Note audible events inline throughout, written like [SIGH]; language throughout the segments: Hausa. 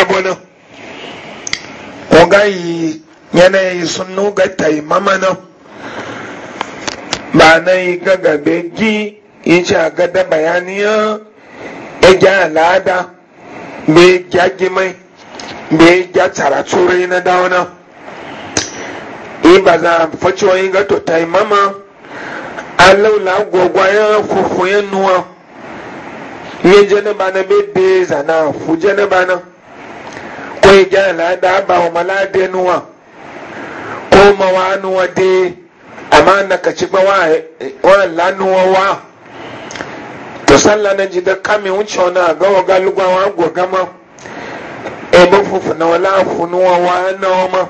abona ogayi yanayi sun ga taimama nan ba na yi gagabe gi yi ci a gada bayaniya egya al'ada be gya gimai be gya tsara turai na dauna iba za a facewa ga to taimama alaula gwagwaya ya nuwa yin jana ba na bebe zana fu jana ba na ko ya gyara lada ba wa malade nuwa ko ma mawa nuwa de amma na ka ci ba wa lanuwa wa to sallah na ji da kame wuce wani a gawa galuwa wa gwagama ebe fufu na wala nuwa wa na wama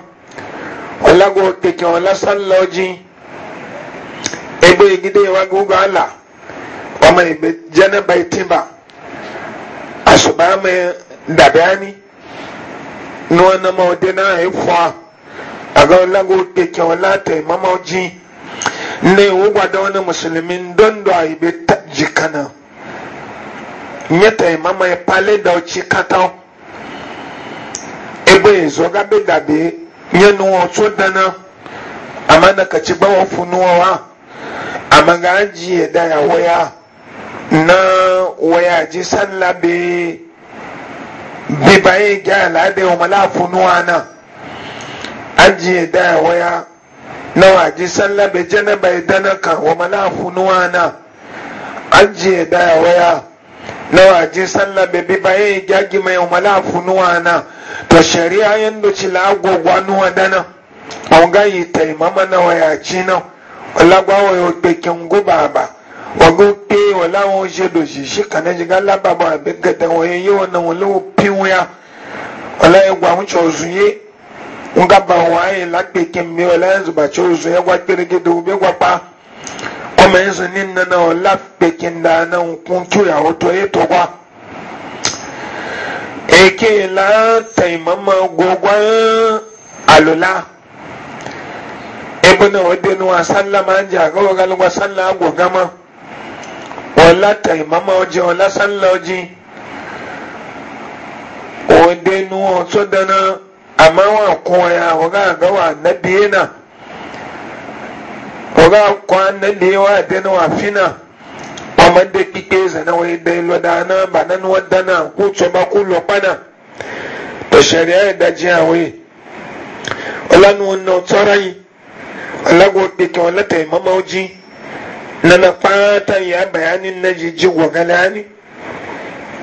wala go keke wala sallah ji ebe gide wa gugu ala wama ebe jana bai timba asuba mai da bayani nuwa na maude na haifuwa a ga lagu da kyau lata mamauji ne wugwa da wani musulmin don da a ibe ta jikana nye ta imama ya pale da oci kata ebe izo zoga be dabe nye nuwa otu dana amma na kaci bawa funuwa wa amma ga ajiye da ya waya na waya ji san labe. bibaye gya lade wa malafu nuwa nan ya da waya na waji sallah bai jana bai dana kan wa malafu nuwa nan ajiye da waya na waji sallah bai bibaye gya gima wa malafu nuwa nan to shari'a yadda ci lagogwa nuwa dana on gayi taimama na waya ci nan lagwawa yau gbekin guba ba wago pe wala wọn ṣe lòṣì ṣe kàná ṣe ká lábàbọ àbí gẹdẹ wọn yẹn yẹ wọn náà wọn ya wala yẹ wà wọn tsọ ọsùn yẹ ba wọn wala yẹ zọba tsọ ọsùn yẹ wá gbẹrẹgẹdẹ wọn bẹ wá pa kọmọ yẹn sọ nana wọn lágbè kẹndà náà wọn kún tó yà wọn tọ yẹ tọ la tẹ̀yìmọ́mọ́ gbọ́gbọ́n àlùlá ebe náà wọ́n dénú wa sálà máa ń jà kọ́wọ́ wala taimama oji wala sallah oji wanda nuwa to dana amma wa koya waga ga wa nabi na waga kwa nabi wa dana wa fina wa mande kike zana wai dai lodana ba nan wadana ku ce ba ku lopana to shari'a da jiyawe wala nuwa na tsarai wala go kike nana fatan ya bayanin na jijji gwagana ne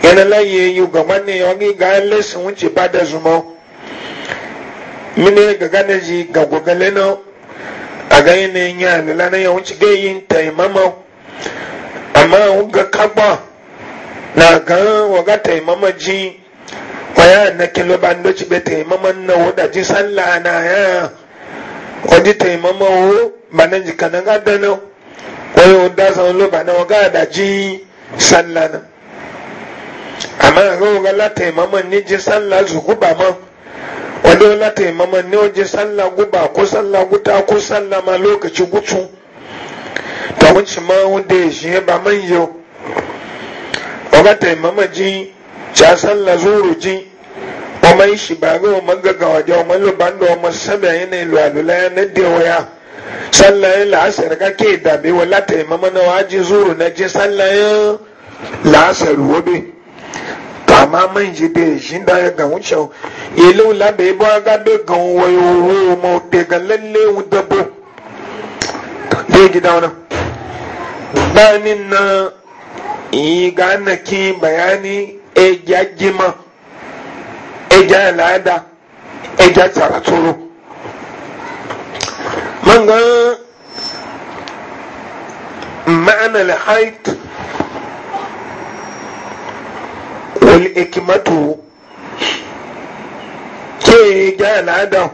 yana laye yi gaban ne wani ga lesson wuce ba da zuma mine ga gane ji ga gwagale na a ga lana ya wuce na yawanci ta yi taimama amma ga kagba na ga waga taimama ji kwaya na kilo ba ndo ci be taimama na wuda ji sallah na ya wadi taimama wu ba na ji kanan adana koyo da san lo ba na ga da ji sallah na amma ga ga la te mama ni ji sallah su ku ba ma wado la te ni o sallah guba ko sallah guta ko sallah ma lokaci gutu ta wuce ma wanda shi ba man yau ga te mama ji cha sallah zuru ji o mai shi ba ga o magaga wajen o mai lo ban da o masabe yana na sallayin la'asar kake dabe wala ta imama wa waji zuru na je sallayin la'asar wobe kama man ji da shi da ya ga wucin ilu labe ba ga be ga wayo ma te ga lalle wu dabo da gida wannan bayanin na yi ga na ki bayani e jajima e jalada e jatsara tsoro man ga ma'ana al-haid wal ikmatu ke ga al'ada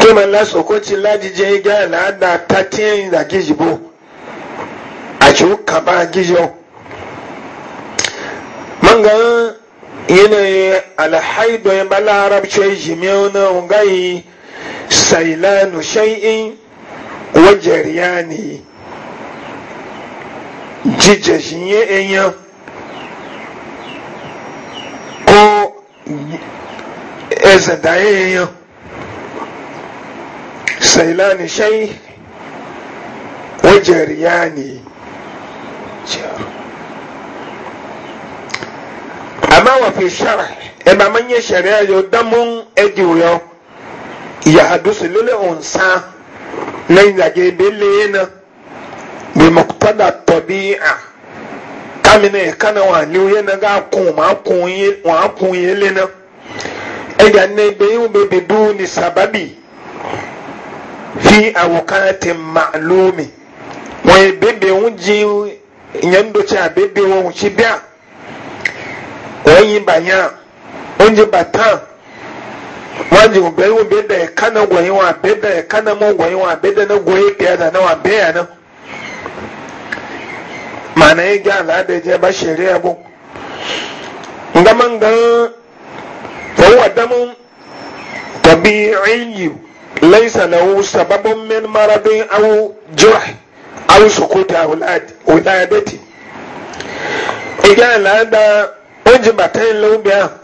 ke man la sokoci lajije ga al'ada ta tiyin da gijibo a ci ka ba gijo man ga yanayin alhaido ya bala arabce jimiyar na ungayi sailanu shay'in wa jariyani jíjẹ sí yé èèyàn kó ẹsẹ̀ dáyé èèyàn sailanu shay'in wa jariyani amma wa fi shara damun ẹdìwò ya hadusu lele onsa na yage bele na bi muktada tabi'a kamina kana wa liuye na ga kun ma kun yi wa kun yi le na e ga ne be yu be biduni sababi fi awqatin ma'lumi wa bebe unji nyando cha bebe wo chibia oyin banya onje batan waji gbe wo be da kana gwayi wa be da kana mo gwayi wa be da na gwayi ke da na wa be ya na mana ya ga ala da je ba shari'a bu ngaman ga fa wa damun tabi'i laysa lahu sababun min maradin aw jurh aw sukuta awlad wuladati iga ala da ojibatai lawbiya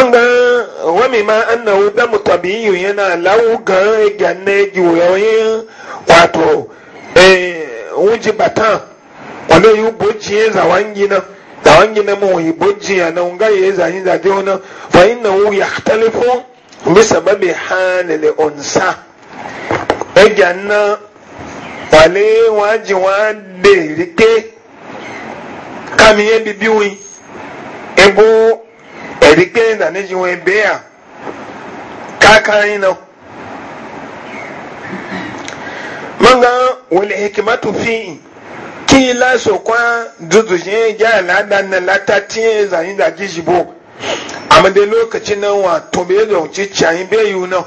manga wami ma annahu damu tabiyu yana lawu ga gyanne juyoyin wato eh wuji batan wale yi yu bojiye zawangi na zawangi na mu yi bojiya na unga ye zanyi zaje ona fa innahu yahtalifu bi sababi halil unsa e gyanna wale waji wa de rike kamiye bibiwi ebo ẹ̀rí pé ìdáni jí wọn ẹgbẹ́ yà káàkiri náà. mọ́ngá wọlé hikimatu fíì kí lásò kwan dúdú yẹn jẹ́ àládàáná látà tí ẹ̀ zàyìn dàjí jìbò da lókàtí náà wà tóbi ẹ̀ lọ́wọ́ tí tìyàyìn bẹ́ẹ̀ yìí náà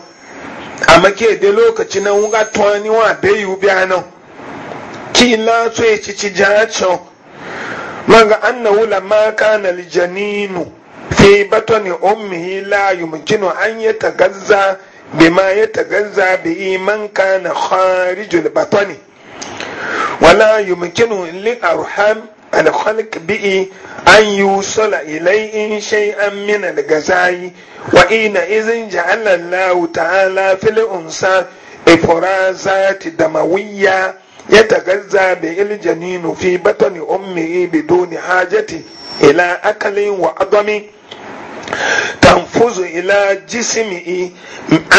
àmọ́ kí èdè lókàtí náà wọ́n ká tọ́ ni wọ́n àbẹ́ yìí bí náà kí lásò ètìtì jẹ́ àtsọ́ mọ́ngá annáwó làmákà nàlìjẹ́ nínú. fi batoni ummihi la yumkinu an yataghazza bima yataghazza bi iman kana kharijul batoni wala yumkinu li arham al bi an yusala ilayhi shay'an min al ghazai wa ina izin ja'ala Allah ta'ala fil unsa ifraza tidamawiyya yatagazza bi iljaninu fi batni ummihi biduni hajati ila akalin wa adami tanfuzu ila jismi'i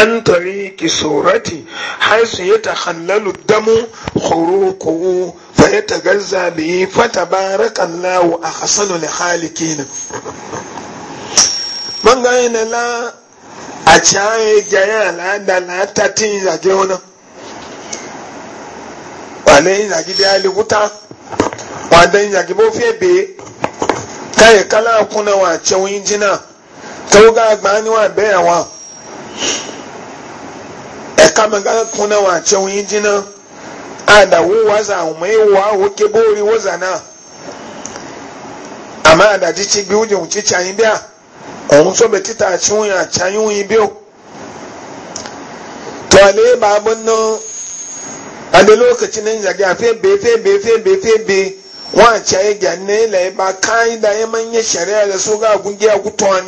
an tariki surati haisu yatakhallalu damu khuruquhu fayatagazza bihi fatabarakallahu ahsanu likhaliqin manga ina la a caye jaya la da la tatin ya jona wale yin yagi bi ali wuta wanda yin yagi bo fe be kai kala kuna wa cewun yin jina to ga gba ni wa be awon e ka ma ga kuna wa cewun yin jina ada wo waza mai wa wo ke bori waza na ama ada ji ci bi ujun ci chayin bia ohun so be tita chiwun ya chayin yin bi o to ale ba bunno a abe lokacin nan zaga febe febe febe febe wancan ya gyanne la ba yi da ya manya shari'a da su ga gungi ya a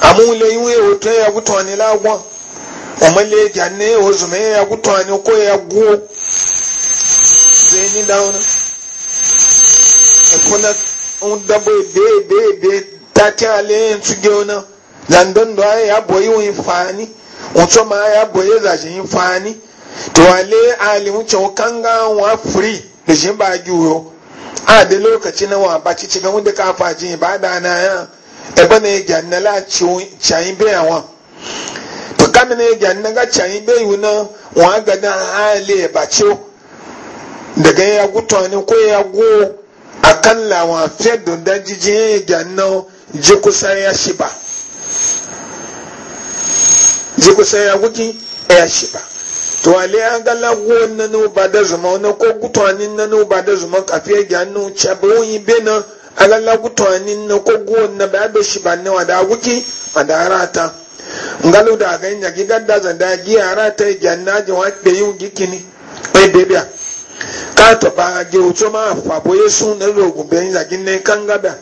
amu le yi we wato ya gutoni la gwa amma le gyanne ya zume ya gutoni ko ya go zai ni da wani e kuna un dabo e be e be be ta ta le yin su ge a zandon da ya boyi wani fani wato ma a ya boyi zaje yin fani to ale alimu cewa kan ga wa free da shi ba giwo a da lokaci na wa ba ci cikin wanda ka faji ba da na ya ebe na ya na la chayin be awon to kan na ya na ga chayin be yu na wa ga da ale ba ciwo daga ya gutu ne ko ya go akan la wa fe don da jijin ya na je kusa ya shi je kusa ya guki ya shi ba to ale an ga lawo nanu ba da zuma wani ko gutuwanin nanu ba da zuma kafiya ga nu cebe oyin be na aga la gutuwanin na ko guwan na ba be shi ba ne wa da wuki wa da harata ngalo da ga nya gi gadda zan da gi harata ga na ji wa be yu gi kini ai be biya ka to ba ge o to ma fa bo yesu na rogun be nya gi ne kan gada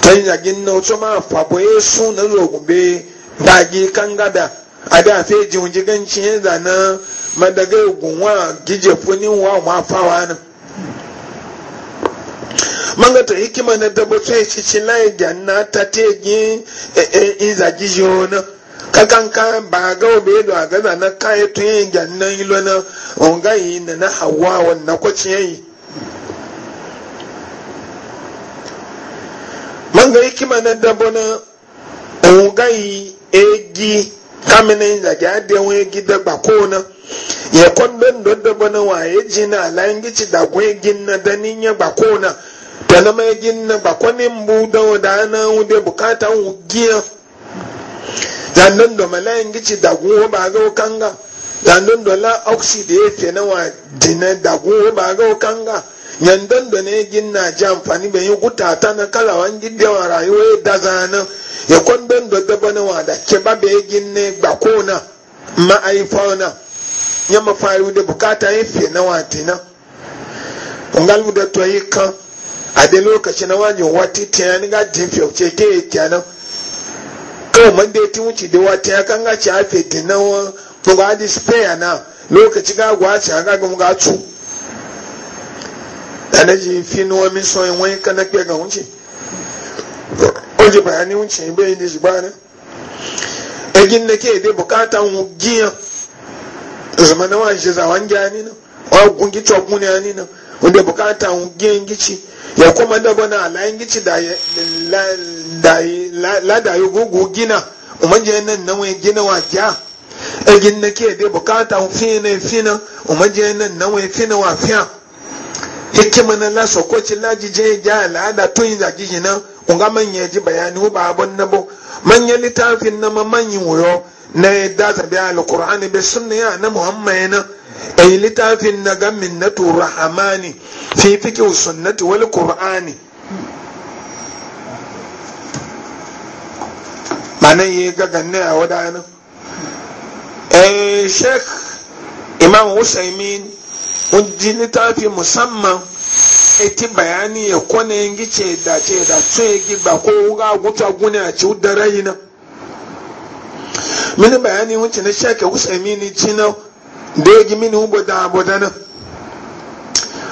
ta nya gi na o to ma fa bo yesu na rogun be da gi kan gada ada sai ji wunji ganci ya zana madaga gunwa gije funi wa ma fawa nan manga to hikima na dabo sai ci ci lai ganna ta te gi e, in za gije ona kakan ka ba ga obe do aga na na kai to yin ganna ilo na on ga na na hawa wannan ko ci yi manga hikima na dabo na on ga yi egi ya kamini zage adewe gida ko na ya kwandon dodo wa waye ji na alayin gici da gwe na da ninya ko na da na mai ginna ko ne mbu da wada na wude bukata wugiya zandon da malayin gici da gwe ba ga kanga zandon do la oxide ya fe na wa jina da gwe ba ga kanga yandan da ne gin na ji amfani bai yi guta ta na kala wan gidda wa rayuwa ya da zana ya kwandon da daba wa da ke ba bai gin ne ko na ma'aifa na ya mafaru da bukata ya fiye na wati na ngalbu da to yi kan a da lokaci na wani wati tiya ni ga ji fiye ce ke yi kenan kawai man da ya ti wuce da wati ya kan ga ci a fiye dinan wani ga di spare na lokaci ga gwaci a ga ga mu ga cu Ana ji finu min so in wani kana kpe ga hunci oje bayani hunci in bai ne ba ne egin na ke dai bukata mu giya zama na wa je zawan gani na wa gungi chokun ne ani na wanda bukata mu giya ngici ya kuma da bana alayin ngici da ya la da yi gugu gina umaje nan na wani gina wa ja egin na ke dai bukata mu fina fina umaje nan na wani fina wa fiya keke mana la soko ci la jije ja al'ada tun da jiji nan kunga manya ji bayani ba abun na bo manya littafin na ma manyan wuyo na yadda ta bi alkur'ani bi sunna ya na muhammad na ai e littafin na ga minnatu rahmani fi fiki sunnati wal qur'ani manan yi gaganne a wadanin eh sheikh imam usaimin ji littafi musamman eti bayani ya kone ngi ce da ce da ce gi ko wuga guta gune a ci da na mini bayani wuce na shake usaimini ci na da ya mini hubo da abu da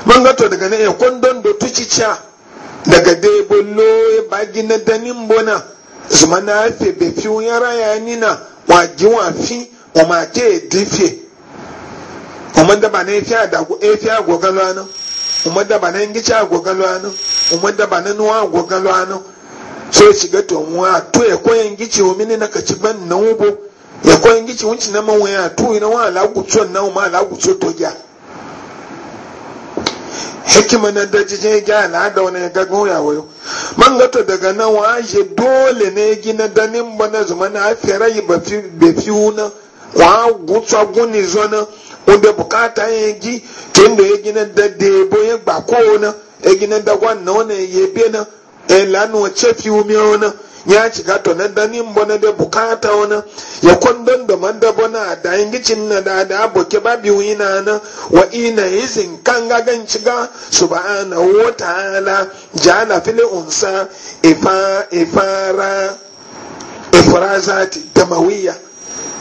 man gato daga na ya kondon da tuci daga dai ya ya bagi na danin bona zuma na haife be fi wuyan raya ni na wa gi fi wa ma ke dife umar da ba na efi adago efi eh, agogan lanu umar da ba na ngici agogan lanu umar da ba na nuwa agogan lanu so ci ga to mu a to ya koyan gici o mini na kaci ban na ubo ya koyan gici wunci na man waya to ina wa ala gutso na ma ala gutso to ya hikima na dajije ga na da wani ga goya wayo man to daga nan wa je dole ne gina danin bana zuma na afira yi ba fi be fi una wa gutso guni zona wanda bukata ya gi e, kin da e, ya gina da debo ya gba kowane ya gina da wannan wani ya biya na ya lanuwa cefi umi wani ya shiga to na dani mbo na da bukata wani ya kwandon da man bo na da ingi gicin na da da aboke ba biyu ina na wa ina izin kan gagan shiga subhanahu wa ta'ala jala fili unsa ifa ifara ifrazati damawiya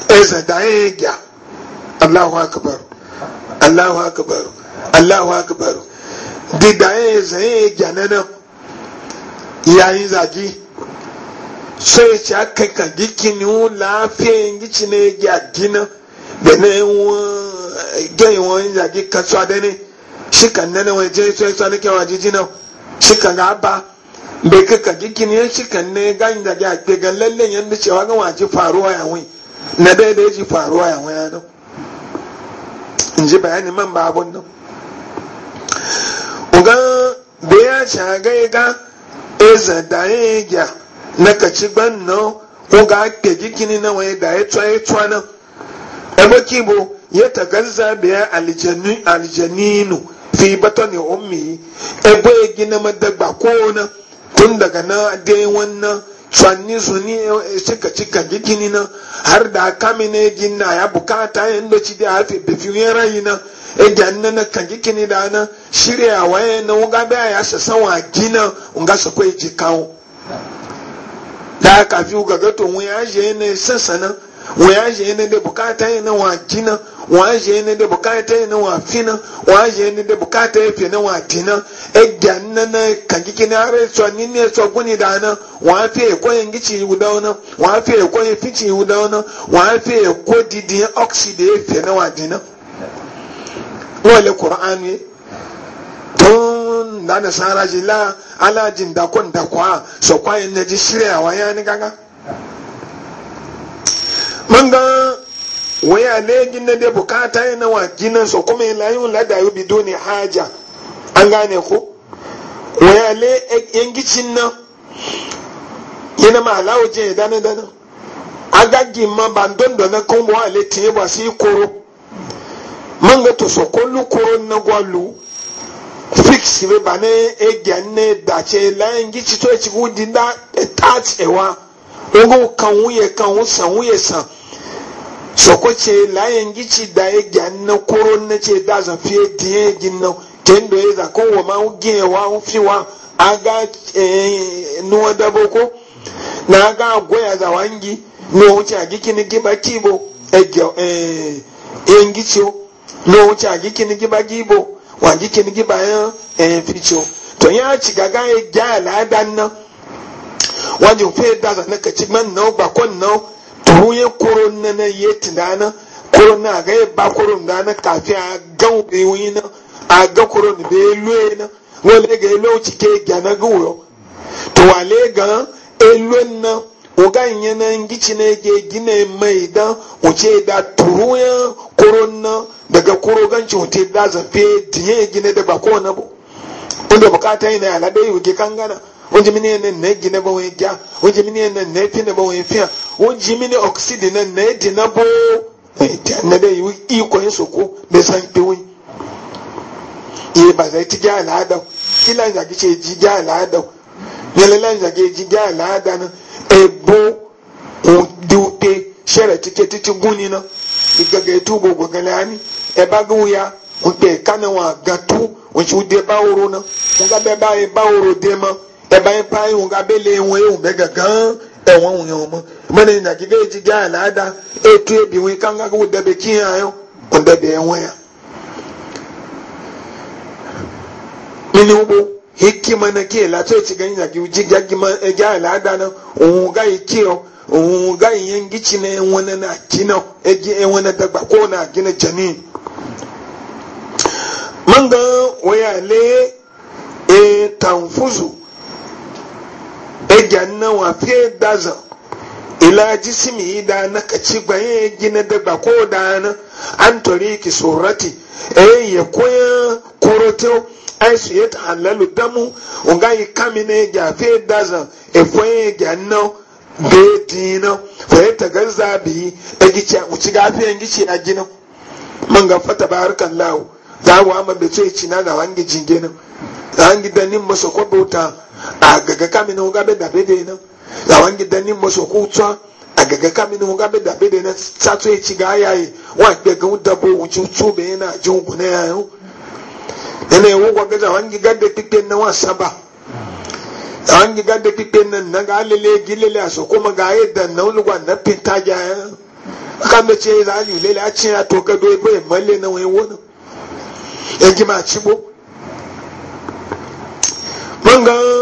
eza da ya allahu akbar allahu akbar allahu akbar dida ye zaye janana yayin zagi sai ci aka ka gikini lafiya yin gici ne ya gina da na gai wani zagi ka tsuwa da ne shi kan nana wani jai yi tsuwa na kyawa jijina shi kan gaba bai ka gikini ya shi kan ne gani zagi a ke ga lallen yadda cewa ga waje faruwa yawon na daidai ji faruwa yawon yadda in ji bayanin man abun nan ugan da ya shaga ga eza da ya gya na kaci ban nan uga ke gikini na wani da ya tsaye tsaye nan ebe kibo ya be biya aljaninu fi batani ummi ebe gina madagba ko na tun daga na dai wannan sanni ni eh, cika cika gini na har da kami ne ginna ya bukata yin da ci da hafi bifiyoyin rayu na e janna na kan gini da na shirya waye na wuga baya ya sassan wa gina nga su kai ji kawo da ka fi wuga gato wuya je ne sassana wọ́n á yẹ ẹni dẹ bukata yẹn náà wọ́n á jí náà wọ́n á yẹ ẹni bukata yẹn náà wọ́n á wọ́n bukata yẹn fi wọ́n nana kankiki náà ara sọ nínú ẹsọ gúnni dáná wọ́n afi ẹ̀kọ́ yẹn kíkì ìwú dáwọn wọ́n á ẹ̀kọ́ yẹn fíkì ìwú dáwọn wọ́n á ẹ̀kọ́ dídì yẹn ọ́ksìdì wọ́n á wọ́n lè kọ́ra manga waya ne gina da bukata yana wa ginin so kuma yana yin lada yi bido ne haja an gane ko waya le yan gicin nan yana ma alawo je dana dana agagi ma bandon da na kan wa le tiye ba sai koro manga to so kollu koro na gwalu fix be ba ne egya ne dace layin gici to ya ci gudi da ta tsewa ogo kan wuye kan wusan wuye san soko ce layan gici da ya gyan na koro na ce da zafiye diye gin na kendo ya za kowa ma giyewa fiwa a ga eh, nuwa dabo ko na ga goya za wangi no wuce a gikin giba kibo yan gici no wuce a gikin giba gibo wa gikin giba yan e ficho to ya ci gaga ya gya al'adan nan wajen fiye da za na kaci man nau bakon nau ruye koron na ya ye na koron na ga ye ba koron da na kafin a ga ube wuyi na a ga koron da ya luye na wale ga ilo cike ga na guyo to wale ga ilo e na oga nye na ngici na ga gina mai da uce da turu ya koron na daga koro ganci uce da zafe ya gina da ba na bu inda bukata yana yana da yi wuge kangana. gana wọ́n jẹ́mi ní ẹ̀ nà ẹ̀ gyina bọ́ wọ́n gya wọ́n jẹ́mi ní ẹ̀ nà ẹ̀ fi nà bọ́ wọ́n fi hàn wọ́n jẹ́mi ní ọ̀ksidi nà ẹ̀ gyina bọ́ nà dẹ́ yìí kọ́ yẹn sọ̀kọ́ bẹ́ẹ̀ sàn pé wọ́n yìí bàtà ẹ̀ ti gya àlàáda kí láǹzàgì ṣe èjì gya gya nà gún ya ebayin pa ihun ga bele ihun ehun be gangan ẹwọn ohun yẹn mọ mọdé nà kíkẹ́ èjì gá àlàáda ètò èbì wọn kánká kó dẹbẹ kí hàn yọ ya. dẹbẹ ụgbọ hiki mana gbó hikima na kí ẹ̀là tó ètì gẹ́yìn nàkí gị jágima ẹ̀já àlàáda náà òun gá yìí kí ọ egya na wafe dazan ila yi da na kaci bayan gina dagba ko da na an tori ki surati eh ya koya kuroto ai su yata halalu damu unga yi kami ne ya fe dazan e koya ya na be dina fa yata gaza bi e gici uci gafe gici a gina man ga fata barakallahu da wa amma da ce cina ga wangi jingena da hangi da nin masa kwabauta agaga kami na oga be dabe na ya wangi dani mo so kutwa agaga kami dabe na tatu e ga ya yi e. wa gbe gun dabo won chu be na jungu na ya yo ene wo gwa gaza wangi gade pipe na wa saba ya wangi gade pipe na na ga lele gilele aso kuma ga yi da na ulugwa na pinta ja ya che za e lele a chi ya to e boye male na we e wo na e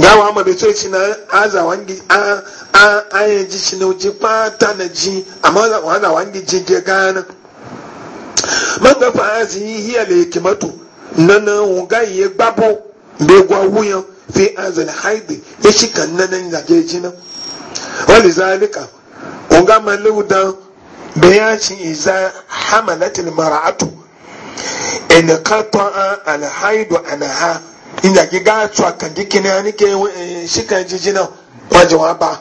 gawa ama beto eti na aza wangi a a a ji shi na uji pata na ji amma waza wangi ji je gana manga fa azi hiya na kimatu nana ga ye gbabo be gwa wuya fi azal haidi ya e shi kan nanan ga je ji na wali zalika be ya bayaci iza hamalatil mar'atu in qata'a al haidu ha. inzagi ga tsɔ kandi kini ani ke shikan jiji na waje wa ba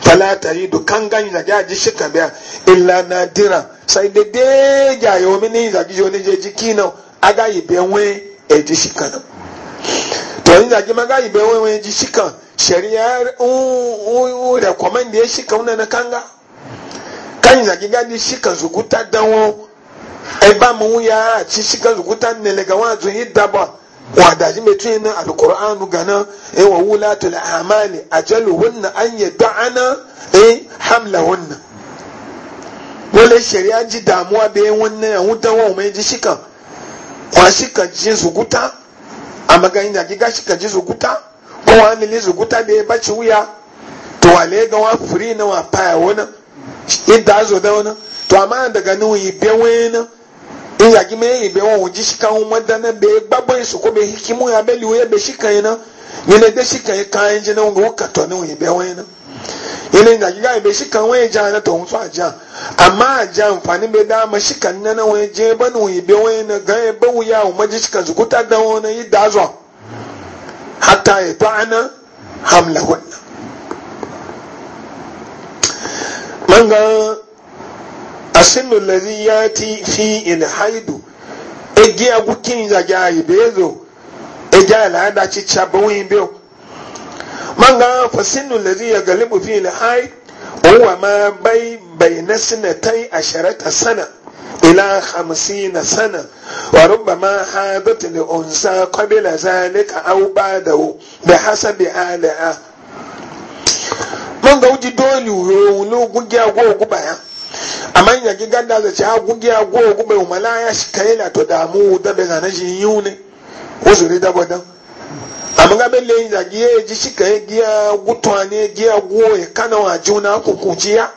fala tari do kanga inzagi aji shika biya illa na dira sai dede ja yi mi ni inzagi jo ni je jiki na aga ibe nwe eji shikan na to inzagi maga ibe nwe nwe eji shika shari'a o recommend ye shikan na kanga kan inzagi ga ni shikan zuguta danwo eba mu ya ci shika zuguta ne ga wa zo yi daba wadaji mai tuni na alkur'anu gana eh wa wulatul amali wunna an yad'ana eh, hamla wunna wale shari'a ji damuwa da yan wunna ya wuta wa mai ji shika kwa shika ji zuguta a maganin da giga shika ji zuguta ko wa mili zuguta da ya baci wuya to wale ga wa furi na wa paya wani idazo da wani to amma daga nan yi bewena iyagi me yi be wɔn wogyi sika ho mɔda na be gbabɔ yi ko be hikimu ya be liwo be shika yi na nyina de shika yi e, kan yi na wɔn katɔ ne wɔn be wɔn na yɛne nyagi ka yi be sika wɔn agya na tɔn so agya ama agya amfani be da ma shika nna na wɔn agya ba na wɔn be wɔn na gan ebe wo ya wɔn agye sika so kuta da wɔn na yi da zɔ hata eto ana hamla wɔn asinu lezi ya ti fi in haidu egi agukin zaga ibezo egi alada cica bawin biyu man ga fasinu lezi ya galibu fi in haid Uwa ma bai bai na sinatai asharata sana ila khamsina sana wa rubbama hadat li unsa qabla zalika aw ba'dahu bi hasabi ala'a manga uji dole yo wulu gugiya go gubaya amma yin yaki ganda da ci hagun giya kuma yi umarna ya shi kayi na to damu da bai zane shi yiwu ne ko su ne dabo dan amma ga bai leyin zagi ya ji shi kayi giya gutuwa ne giya gowa ya kana wa juna kukuci ya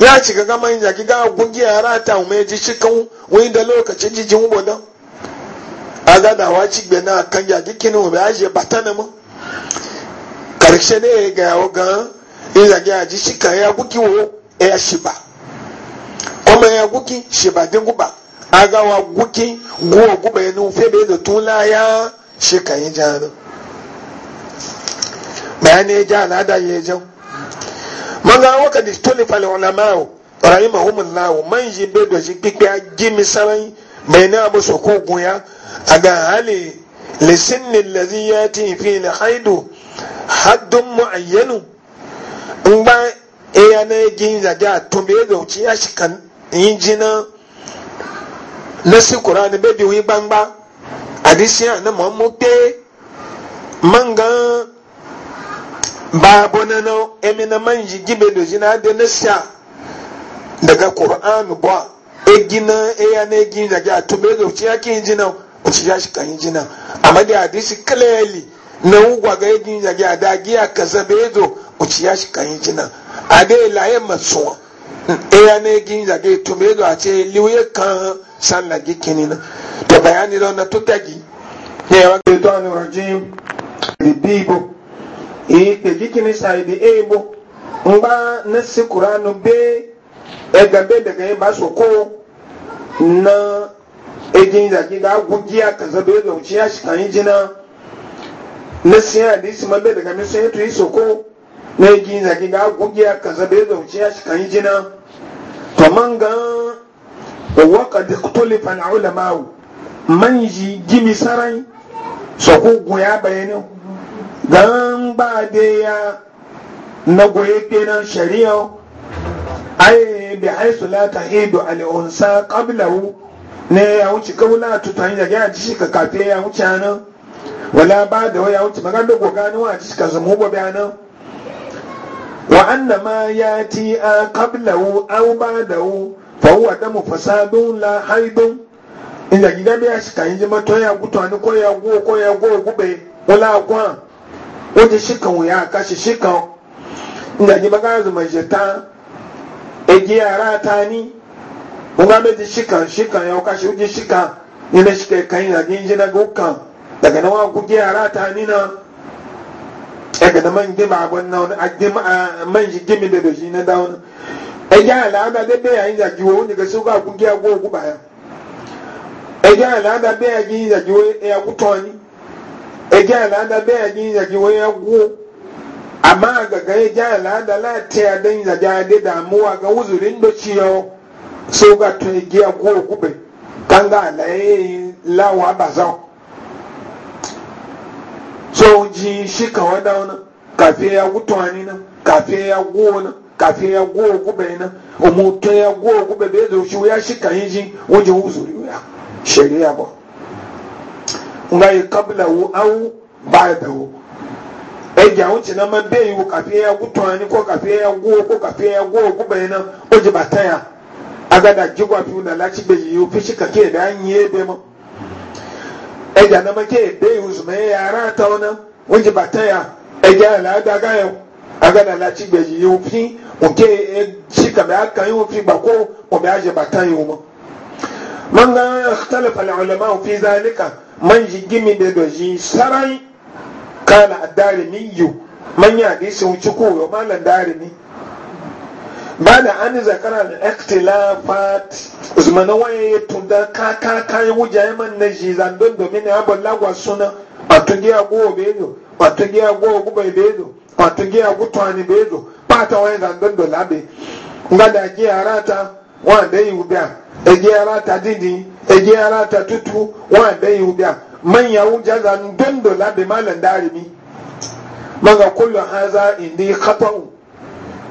ya ci ga gama yin zagi ga hagun ya rata umar ji shi kan wani da lokacin jijin ubo dan a wa ci na kan yaki kini wa je bata na mu karshe ne ya ga yawo gan yin zagi ya ji shi kayi ya wo ya shiba kuma ya guki shiba din guba agawa guki guwa guba ya nufe bai da tula ya shi ka yi jana bayani ya ja al'ada ya jan man waka da tuni fali ulama'u rahimahumullahu man ji bai da shi kikpe a gimi sarai bai na abu su ko guya a ga hali lisinnin lazi ya ti fi na haidu haddun mu in ba eya na egin zage a tumbe ya zauci ya shi kan yi jina na si kurani bai biyu gbangba adisiya na pe mangan babu na na emi na manji gibe da jina da na siya daga kur'an ba egina eya na egin zage a tumbe ya zauci ya ki yi jina uci ya shi kan yi jina amma da adisi clearly na wugwa ga egin zage a dagiya kaza bai zo uci ya shi kan yin jina abe laye matsuwa e ya ne gin zage to me do ace liwe kan sanna gikini na to bayani don na to tagi ne wa ke to anu rajim bi bibo e ke gikini sai e bi ebo ngba na si qur'anu be e gambe daga e ba so ko na ejin zage da gugiya kaza be do ciya shi kan jina na siya hadisi mabe daga mi sai to yi soko na yi gina gina ga gugiya ka zabe zauce ya shikan yi jina to man ga waka da kutuli fana mawu, man ji gimi sarai so ko goya bayanin ba da ya na goye kenan shari'a ai bi haisu la tahidu al-unsa qablahu ne ya wuce kaula tutan ya ga ji ka kafe ya wuce nan wala ba da ya wuce magana da gogani wa ji ka zama gobe nan wa anna ma yati a kablau aw ba'dahu fa huwa damu fasadun la haidun inda giga bi shika yin jima to gutu ani ko ya go ko gube wala kwa o shika wo ya shika inda jima ga zuma jeta egi ara tani o ga shika shika ya shika ya daga na ku na daga na man gima abin na wani a gima man shi gimi da doshi na dawon ai ya e al'ada e e da bai yayin wani ga su ga giya go ku baya ai al'ada bai yayin zaki ya ku toni ai ya al'ada bai yayin zaki wa ya ku amma ga ga ya al'ada la ta ya dan zaki da damuwa ga uzurin da ciyo so ga to giya ku bai kan ga la lawa bazan kyau ji shi ka wada wani kafin ya gutuwani na kafin ya guwa na kafin ya guwa gube na umutu ya guwa gube bai zo shi ya shi ka yi ji wajen wuzuri ya shari'a ba nga yi kabla wu awu ba da wu eji awon ci na ma bai wu kafin ya gutuwani ko kafin ya guwa ko kafin ya guwa gube na oji ba ta ya agada jigwa fi wuna laci bai yi fi shi ka ke da an yi ebe ma ɛdza na mɛkye ebe usumɛ yɛ ara atɔn na wodzi bata ya ɛdza la adaga yɛ agada la tsi gba yi wo fi woke etsi kabe aka yi wo fi gba ko wɔmɛ azɛ bata yi wo ma manga ɛkutale pali ɔlɛma wo fi za ne ka manji gimi de do zi sarai kala adaari mi yi o manya adi sewu tsi ko o ma mi. ba da an zakara da ikhtilafat zumana waye ya tunda kakaka ka ya wuja ya man na shi zandon domin ya balla gwa suna wato a guwa bezo wato a go gubai bezo a ni gutwani bezo ba ta waye zandon do labe nga da giya rata wa da yi a e yara ta didi e yara ta tutu wa da yi ubiya man ya wuja zandon da labe malan darimi maga kullum haza indi khata'u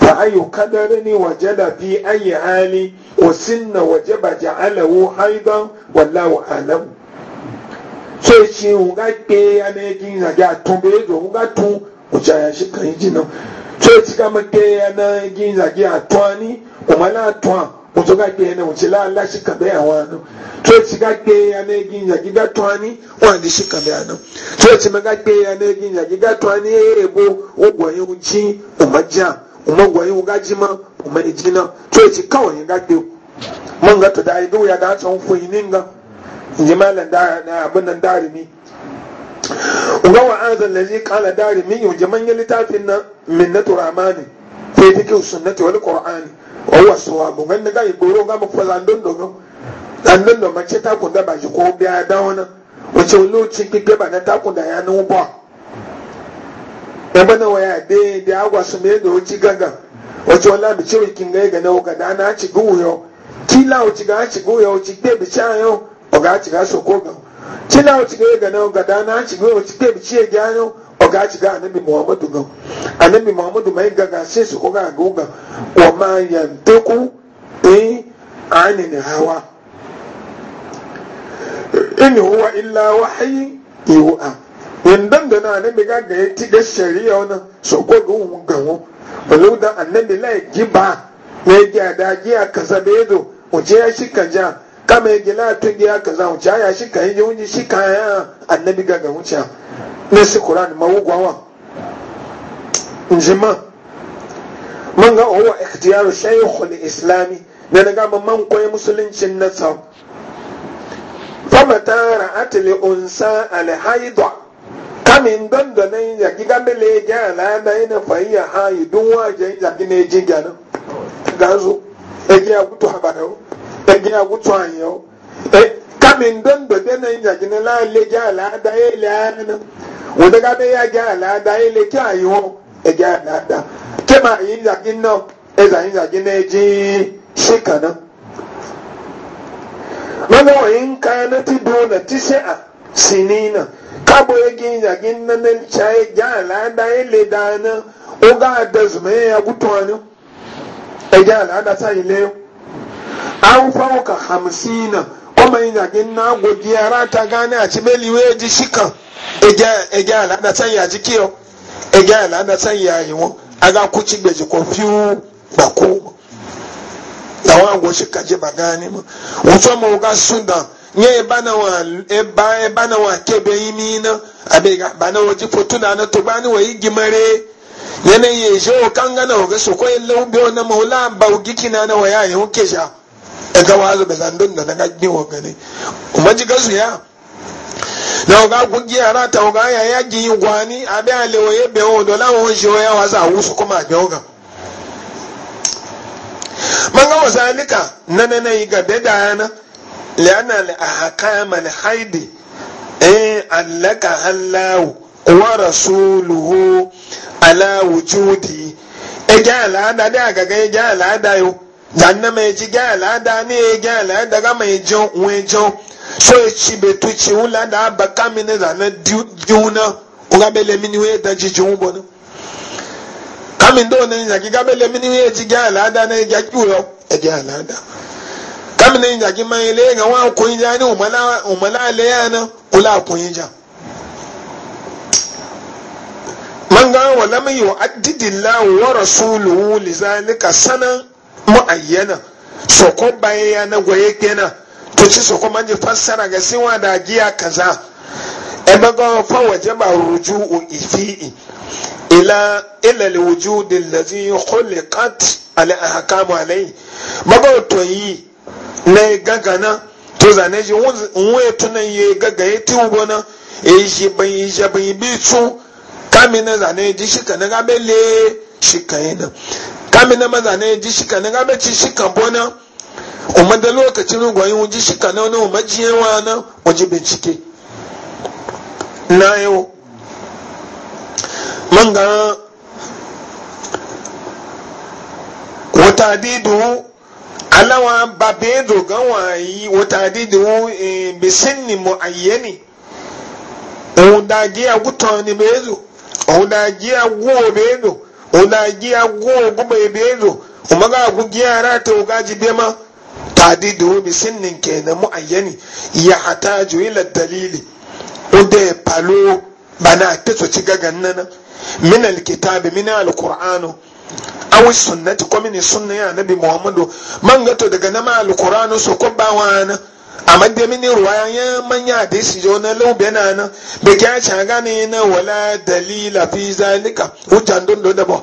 فأي قدر وجد في أي عالي وسن وجب جعله أيضا والله أعلم so shi nga kpe anagin na ga tumbe do ga tu ucha ya shi kan jina so shi ka ma kpe anagin na ga twani kuma na twan uto ga kpe na uchi la la shi ka be so shi ka kpe anagin na ga twani wa di shi ka be so shi ma ga kpe anagin na ga twani ebo ogwa yuji umaja umango yi wuga jima umani jina to yace kawai ya gade man ga to da ai doya da ta hunfu yininga jimalan da abin nan darimi uga wa an zan lazi kala darimi yau jaman ya littafin nan min na turamani fi fikin sunnati wal qur'ani wa huwa sawabu ganna ga iboro ga mafala don dogo dan don mace ta da ba shi ko biya da wannan wace lokacin kike ba na ta da ya nuba ebe na waya dee de agwa su me ga uci gaga wato wala bi ciri kin ga na ga da na ci guyo kila uci ga ci uyo uci de bi cha yo o ga ci ga so ko ga kila uci ga ga na ga da na ci guyo uci de bi ci ga yo o ga ci anabi muhammadu ga anabi muhammadu mai ga ga sai su ga aga ga wa ma yantaku eh anin hawa in huwa illa wahyi yuha da na annabi ga ga yati da shari'a wannan so ko ga ga mu balu da annabi la giba ne ga da giya kaza be zo mu je shi ka ja kama ya gila tun giya kaza mu ja ya ka yi shi ka ya annabi ga ga wuce ne su qur'an gwawa. injima man ga huwa ikhtiyaru shaykhul islami ne daga man koyi musuluncin nasa famata ra'atul unsa al kamin don da na yin yaki gambe le gyara na yana yana fahiyya ha yi don waje yin yaki na eji gyanu ga zo egi ya gutu habara o egi ya gutu anya o e, kamin don da na yin yaki na lalle gyara la da ya ile ana na wata gabe ya gyara na da ya ile ki ayi o e gyara na da ke ma yin yaki na eza yin yaki na eji shi kana. Mana wa yin kayanati dole ti shi'a sinina. kabo yake yagin na nan chaye jala da ile da na o ga da zuma ya gutu anu e jala da sai le an fauka 50 kuma yagin na godi ara ta gane a ci we ji shika e jala da sai ya ji kiyo e jala da sai ya yi won aga ku ci gbeji ko fiu bako da wa go shika je bagani mu wuto mo ga sundan nye eba na wa kebe yimi na abega bana ji fotuna na to bani wa igimare yana ye je kanga na ga so koyi laube na la ba ugiki na na waya ya huke sha daga e wazo be zandun da daga gbe wa gane umaji gasu ya na ga gugi yara ta ga ya ya gi gwani abi ale waye be o do lawo je ya waza wusu kuma be o ga manga wazalika nanana yi ga bedana liana li ahakama li haidi ee alaka halawu wa rasuluhu ala wujudi e gya alada de agaga e gya alada yo zanna ma eji gya alada ne e gya alada ga ma ejo nwe ejo so echi betu chi wula da abaka mi ne ni we da jiji wubo no kami ndo ne nyaki ga bele ni we eji gya alada ne e gami na injagi man ile ga wa kun ja ni umala umala le yana kula kun ja man ga wa lam yu'addidillahu wa rasuluhu lizalika sanan muayyana so ko baye na goye kenan to ci so ko manje fassara ga sinwa da giya kaza e ba ga fa wajaba ruju'u ifi'i ila ila alwujud alladhi khuliqat ala ahkamu alayhi maga to yi na gaga na to zane shi nwa etu na ya gaga ya ti ugbo na eji banyi je banyi bi tu kami na zane ji shika na gabe le shika yi nan kami na ma zane ji shika na gabe ci shika bo na umar da lokacin rugwayi wuji shika na wani umar jiye wa na waje bincike na yau man ga wata didu alawa babe dogon wayi wata didiwo bisin ni mu ayyani a dàgé agútàn ni bèèrò ji dàgé agú òbèèrò òun dàgé agú ògúnbè bèèrò òun bá agú gé ara tó ni bẹ́ẹ̀ mọ́ tàdí dòun bí sinni kẹ̀nà mú àyẹ́ni ìyá yi la dalili o de palo bana so ci gàgà nana minal min minal qur'anu. awi sunnati kwamini sunna ya nabi muhammadu man gato daga nama alukuranu su ko ba wani amma da mini ruwaya ya manya da shi jo na lobe na na be kya cha gane na wala dalila fi zalika hutan don da ba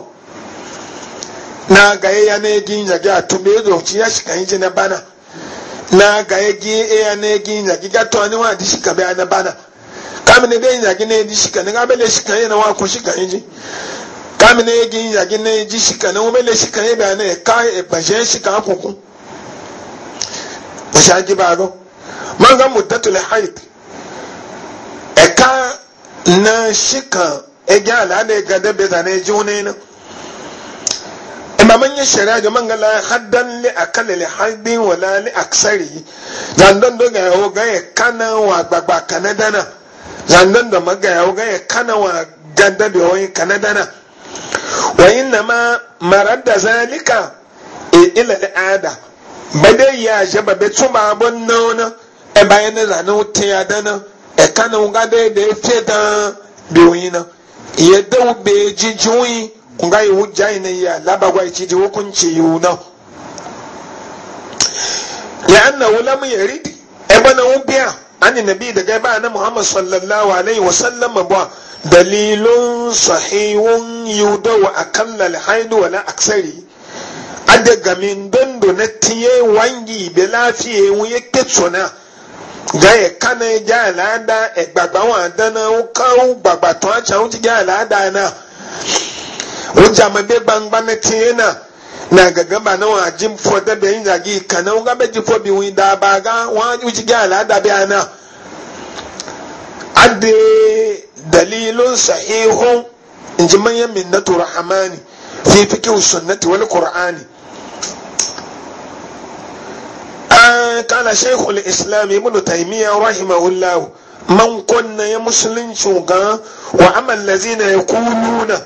na ga ya ne gin ya ga tumbe do ci ya shika inji na bana na ga ya gi e ya ne gin ya ga to ani wa di shika be na bana kamin da yin ya gi ne di shika ne ga be le shika yana wa ko shika inji kami na yegi yagi na ji shika na umele shika ne ba ne ka e bajen shika akuku wasu ba ro man ga muddatul haid e ka na shika e ga ne ga da be zane ji wani na e imaman yi shari'a da man la haddan li akal li wala li aksari zandan do ga yawo ga e kana wa gbagba kanadana zandan da maga ga e kana wa ganda وإنما مرد ذلك إلى العادة بدأ يجب بتوما بنونا ebayana lanu tiyadana ekana nga de de feda biwina yedda ube jijuyi nga yi wujja ina ya labagwa ci ji hukunci yuna ya annahu lam yarid ebana ubiya ani nabi daga ba na muhammad sallallahu alaihi wa sallam ba dalilun sahihun yudaw akalla alhaid wa la aksari ade gamin dondo na tiye wangi be lafiye won ye ketsona ga ye kana ja alada e won adana o ka o gbagba ton acha o ti ja alada na o jama be gbangba na tiye na na gaga ba na wa jin fo da be yin zagi kana wa be ji fo bi wi da ba ga wa ji ga la da be ana adde dalilun sahihun in ji manyan minnatu rahmani fi fiqh sunnati wal qur'ani ah, kana shaykhul islam ibn taymiyyah rahimahullah man ya musulunci gan wa amal lazina ya kuluna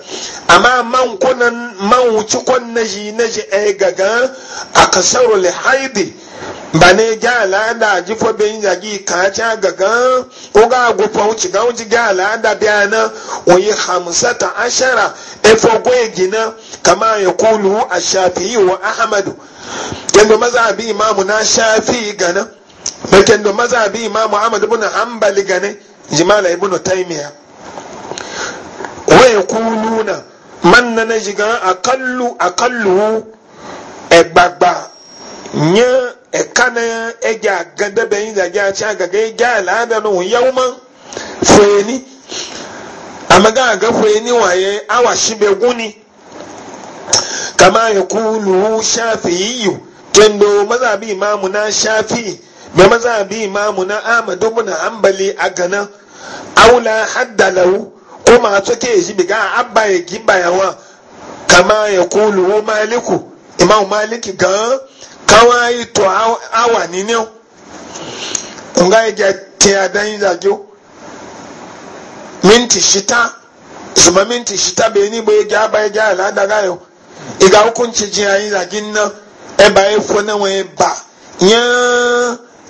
amma man kunna man na ji ai gaga a kasaru li haidi ba ne ga al'ada ji fo bin zagi ka ta gaga ko ga gufa wuci ga wuci ga al'ada biya na oyi hamsata ashara e fo gwe gina kama ya kulu a shafi'i wa ahmadu yanda maza bi imamu na shafi'i ganan bakin da mazhabi imamu ahmad ibn hanbali gane jimala ibn taymiya wa yaquluna man nana jiga aqallu aqallu egbagba nye ekana eja agada beyin da ja cha gaga eja alada no yawma feni amaga aga feni waye awa awashi beguni kama yaqulu shafi'i kendo mazhabi imamu na shafi yi. bai maza bi imamu na amadu muna hambali a ganan aula hadda lahu ko masu ke shi biga abba ya giba yawa kama ya kulu maliku imamu maliki gan kawai to awa ni ne nga ya te adan zagyo minti shita zuma minti shita bai ni bai ga ba ga ala daga yo iga hukunci jin ayin zagin nan e ba e fo na we ba yan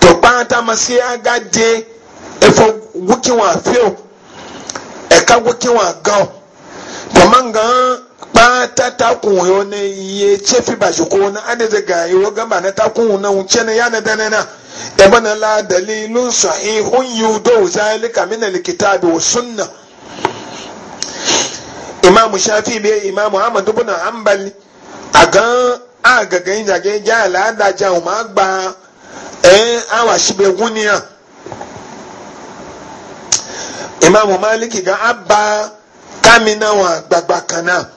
to kpaata ma se aga de efo wuki wa fio eka wuki wa gao to man kpaata ta kun yo ne ye chefi ba jiko na ade de ga yi wo gamba na ta kun na un chene ya na dana na eba na la dalilun sahihun yudo zalika min alkitabi wa sunnah Imam shafi be Imam ahmad ibn hanbal a gan a gagayin jage ja al'ada ja ma gba ɛɛ awa shi bɛ imaamu maliki ga abba kamina wa gbagba kana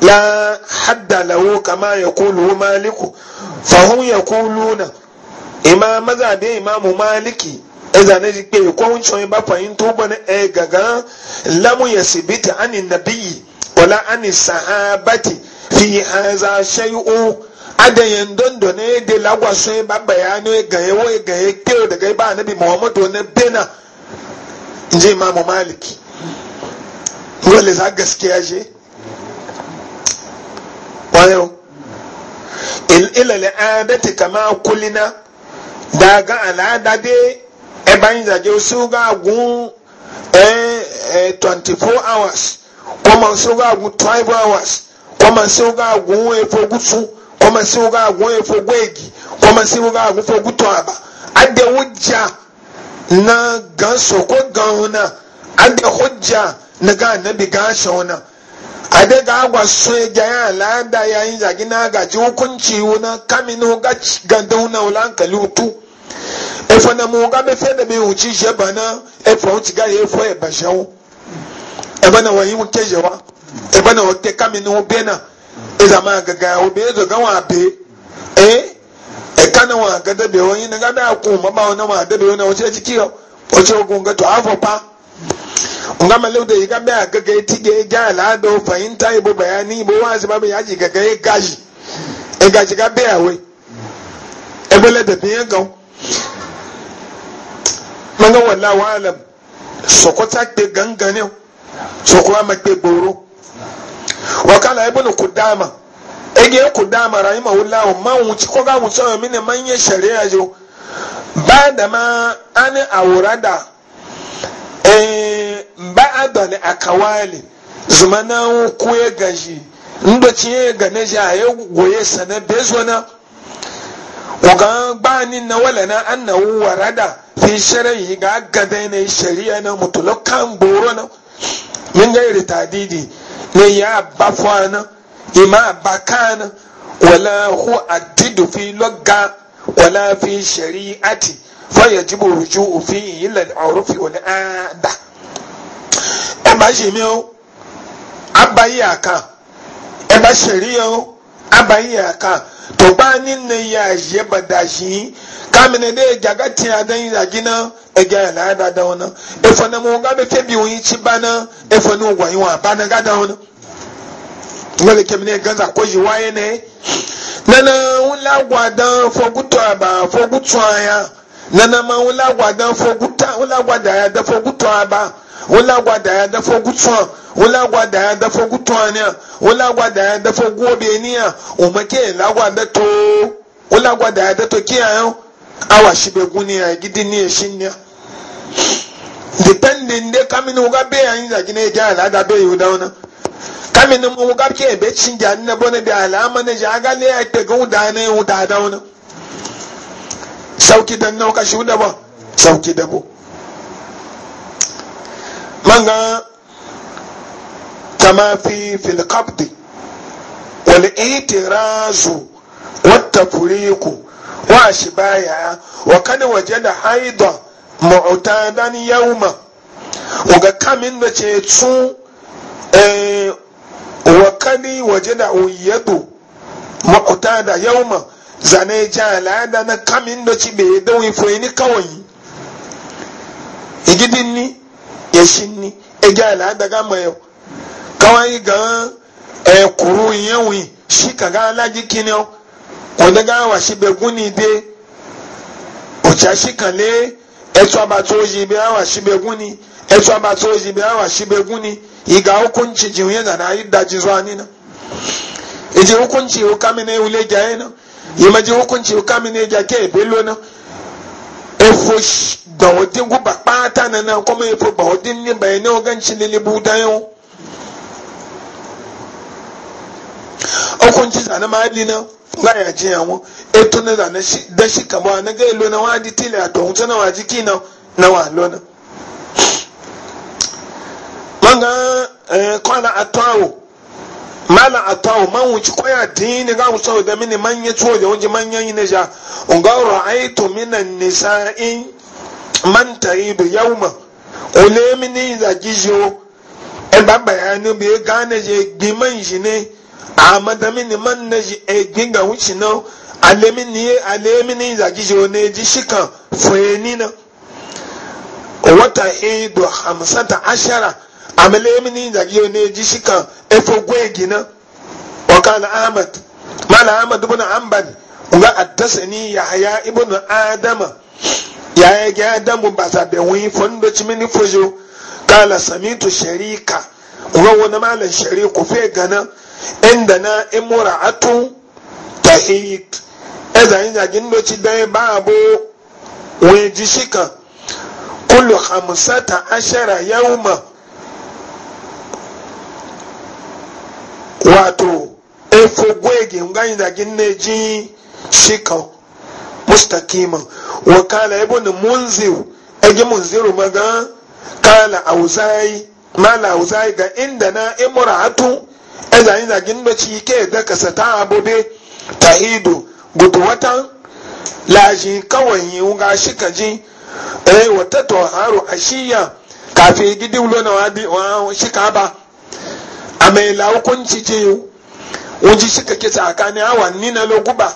la hadda kama ya kulu maliku fahun ya na ima maza be imaamu maliki ɛza ne di pe ko n sɔn ba fahimta bɔ ne ɛ gagan lamu ya sibiti ani nabiyi wala ani sahabati fi haza shay'u adayin dondo ne de lagwasun ba bayanu gaye wo gaye keo daga ba nabi muhammadu na be bena inji imamu maliki wale za gaskiya je wayo ilele al'adati kama kulina daga al'ada de e ban zaje su ga gun eh 24 hours kuma su ga gun 12 hours kuma su ga gun e kɔma si woga agun efo gwegi kɔma si woga agun fo gutɔ aba adi wogya na gan ko gan ho na adi hogya na gan anabi gan ahyɛ ho na ade ga agwa so egya ya alaada ya yin zagi na agaji hukunci wo na kami na woga ganda ho na wola nkali otu efo na mu woga mefe na mi hunkyi hyɛ ba na efo hunkyi ga ya efo ɛba hyɛ ho ɛba na wɔyi wo kye yɛ wa ɛba na wɔte kami na wo bɛ na. eza ma gaga obe ezo ga wa be eh eka na wa ga dabe wani na ga da ku ma na wa ogun pa nga da yiga be gaga etige ja ala do fahimta ibo bayani ibo wa ba ya ji gaga e gaji e ga awe e e wa alam gboro wakala ibn kudama ege kudama rahimahullah man wuci ko ga wuci o mine manye shari'a jo ba da ma an awurada eh ba'adon akawali zumana ku ya gaji ndo ci ga ne ja ya goye sana bezona waga gbani na wala na annahu warada fi shari'i ga gada ne shari'a na mutulakan boro na min gairi tadidi ne ya ba fana ima ba kana wala hu adidu fi logga wala fi shari'ati fa yajibu ruju'u fi ila al-urfi wal ada ẹ bá ṣe mi o abayi aka ẹ bá ṣe rí o abayi aka tó bá ní ne ya yẹ yìí. gamine de gyaga tia dan yagi na egya ya na da da wona efo na mu ga be ke bi won chi bana efo nu gwa yin wa bana ga da wona ngole ke mine gaza ko yi waye ne nana wula gwa da fo gutu aba fo gutu aya nana ma wula gwa dan fo guta wula gwa da ya da fo gutu aba wula gwa da ya da fo gutu wula gwa da ya da fo gutu anya wula gwa da ya da fo gobe niya o make la gwa da to wula gwa da ya da to kiyayo awa shi be guni ya gidi ni ya shin ne depending de kamin wuga be ya inza gine ya ala da be dauna kami kamin mu wuga ke be cin ja ne bone be alama ne ja ga ne ya te gun da ne u da dauna sauki dan ka shi da ba sauki da bo manga kama fi fil qabdi wal itirazu wat tafriqu Wa wahyibaayaa wɔka ne wagye da haidɔ ma ɔtaa da ne yawu ma wɔkeka me nnɛkyɛ etu ɛɛ wɔka ne wagye da oyia do ma ɔtaa da yawu ma zane egya alaa da na kamin me nnɛkyɛ beede wɔn efura yi ka wɔn yi egidi ni yɛsi ni egya alaa da ga ma yɛ ka wɔn yi gan ɛɛ kuru yɛn si ka ga alagye kini wɔn. wanda awa wa shi be guni de o cha shi kan le etu aba to ji awa wa shi be guni etu aba to ji be wa shi be guni iga hukunci ji yana na yi daji zuwa ni na ije hukunci o kami ne ule ga yana yima ji hukunci o kami ne ga ke be lo na efo gbawadin guba kpata na na kuma efo gbawadin ne bayanai oganci ne libu dayan hukunci zane ma na nga ya ji yawo eto na da shi da shi kama na ga ilo na wa di tile ato hunta na wa ji na na wa lo na manga eh kwana atawo mala atawo man wuci koya dini ga musa da mini manye tuwo da wunji manyan yi neja unga ra'aitu minan nisa'in man taridu yawma ole mini za gijo e ba bayani bi e gane je gbiman shi ne amadami ni man na ji egin ga wuce na alemi ni alemi ni zagi ji wani ji shikan fuyeni na wata ido e hamsata ashara amalemi ni zagi wani ji shikan efo gwegi na wakala ahmad mala ahmad ibn hanbal ga attasani yahya ibn adama yaya ga adamu ba ta da wani fondo chimini fujo kala samitu sharika ga wani malam shariku fe gana inda na imura atu tahid ɛza yin jagin doci dan baabo wani ji shika kullu hamsata ashara yawma wato efo gwege ngayin jagin ne ji shika mustaqiman wa kala ibn munzir aji munziru maga kala auzai mala auzai ga inda na imura atu ɛza yi zagin bɛci ke da kasa ta abobe ta ido gudu watan laji kawai yi wuga shi ka ji eh wata to haro ashiya kafi gidi wulo na wadi wa shi ka ba a mai laukunci ce wuji shi ka kisa a kani awanni na loguba